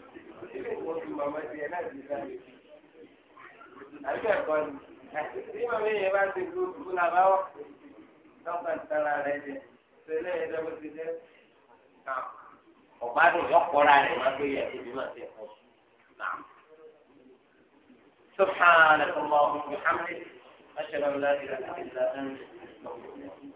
ilé ìwòsàn màmá tiẹ̀ náà ti sáré. àbí ẹ̀kọ́ ni bí màmá yẹn bá ti lu kú la bá wọ́ lọ́kàn tara rẹ̀ jẹ tẹ̀lé ẹ̀ dẹ́gbẹ́ ti jẹ́ ọ̀pá dùn yọ̀kọ́ra rẹ̀ má gbé yẹ kó bí má ti ẹ̀kọ́. سبحانك اللهم وبحمدك أشهد أن لا إله إلا أنت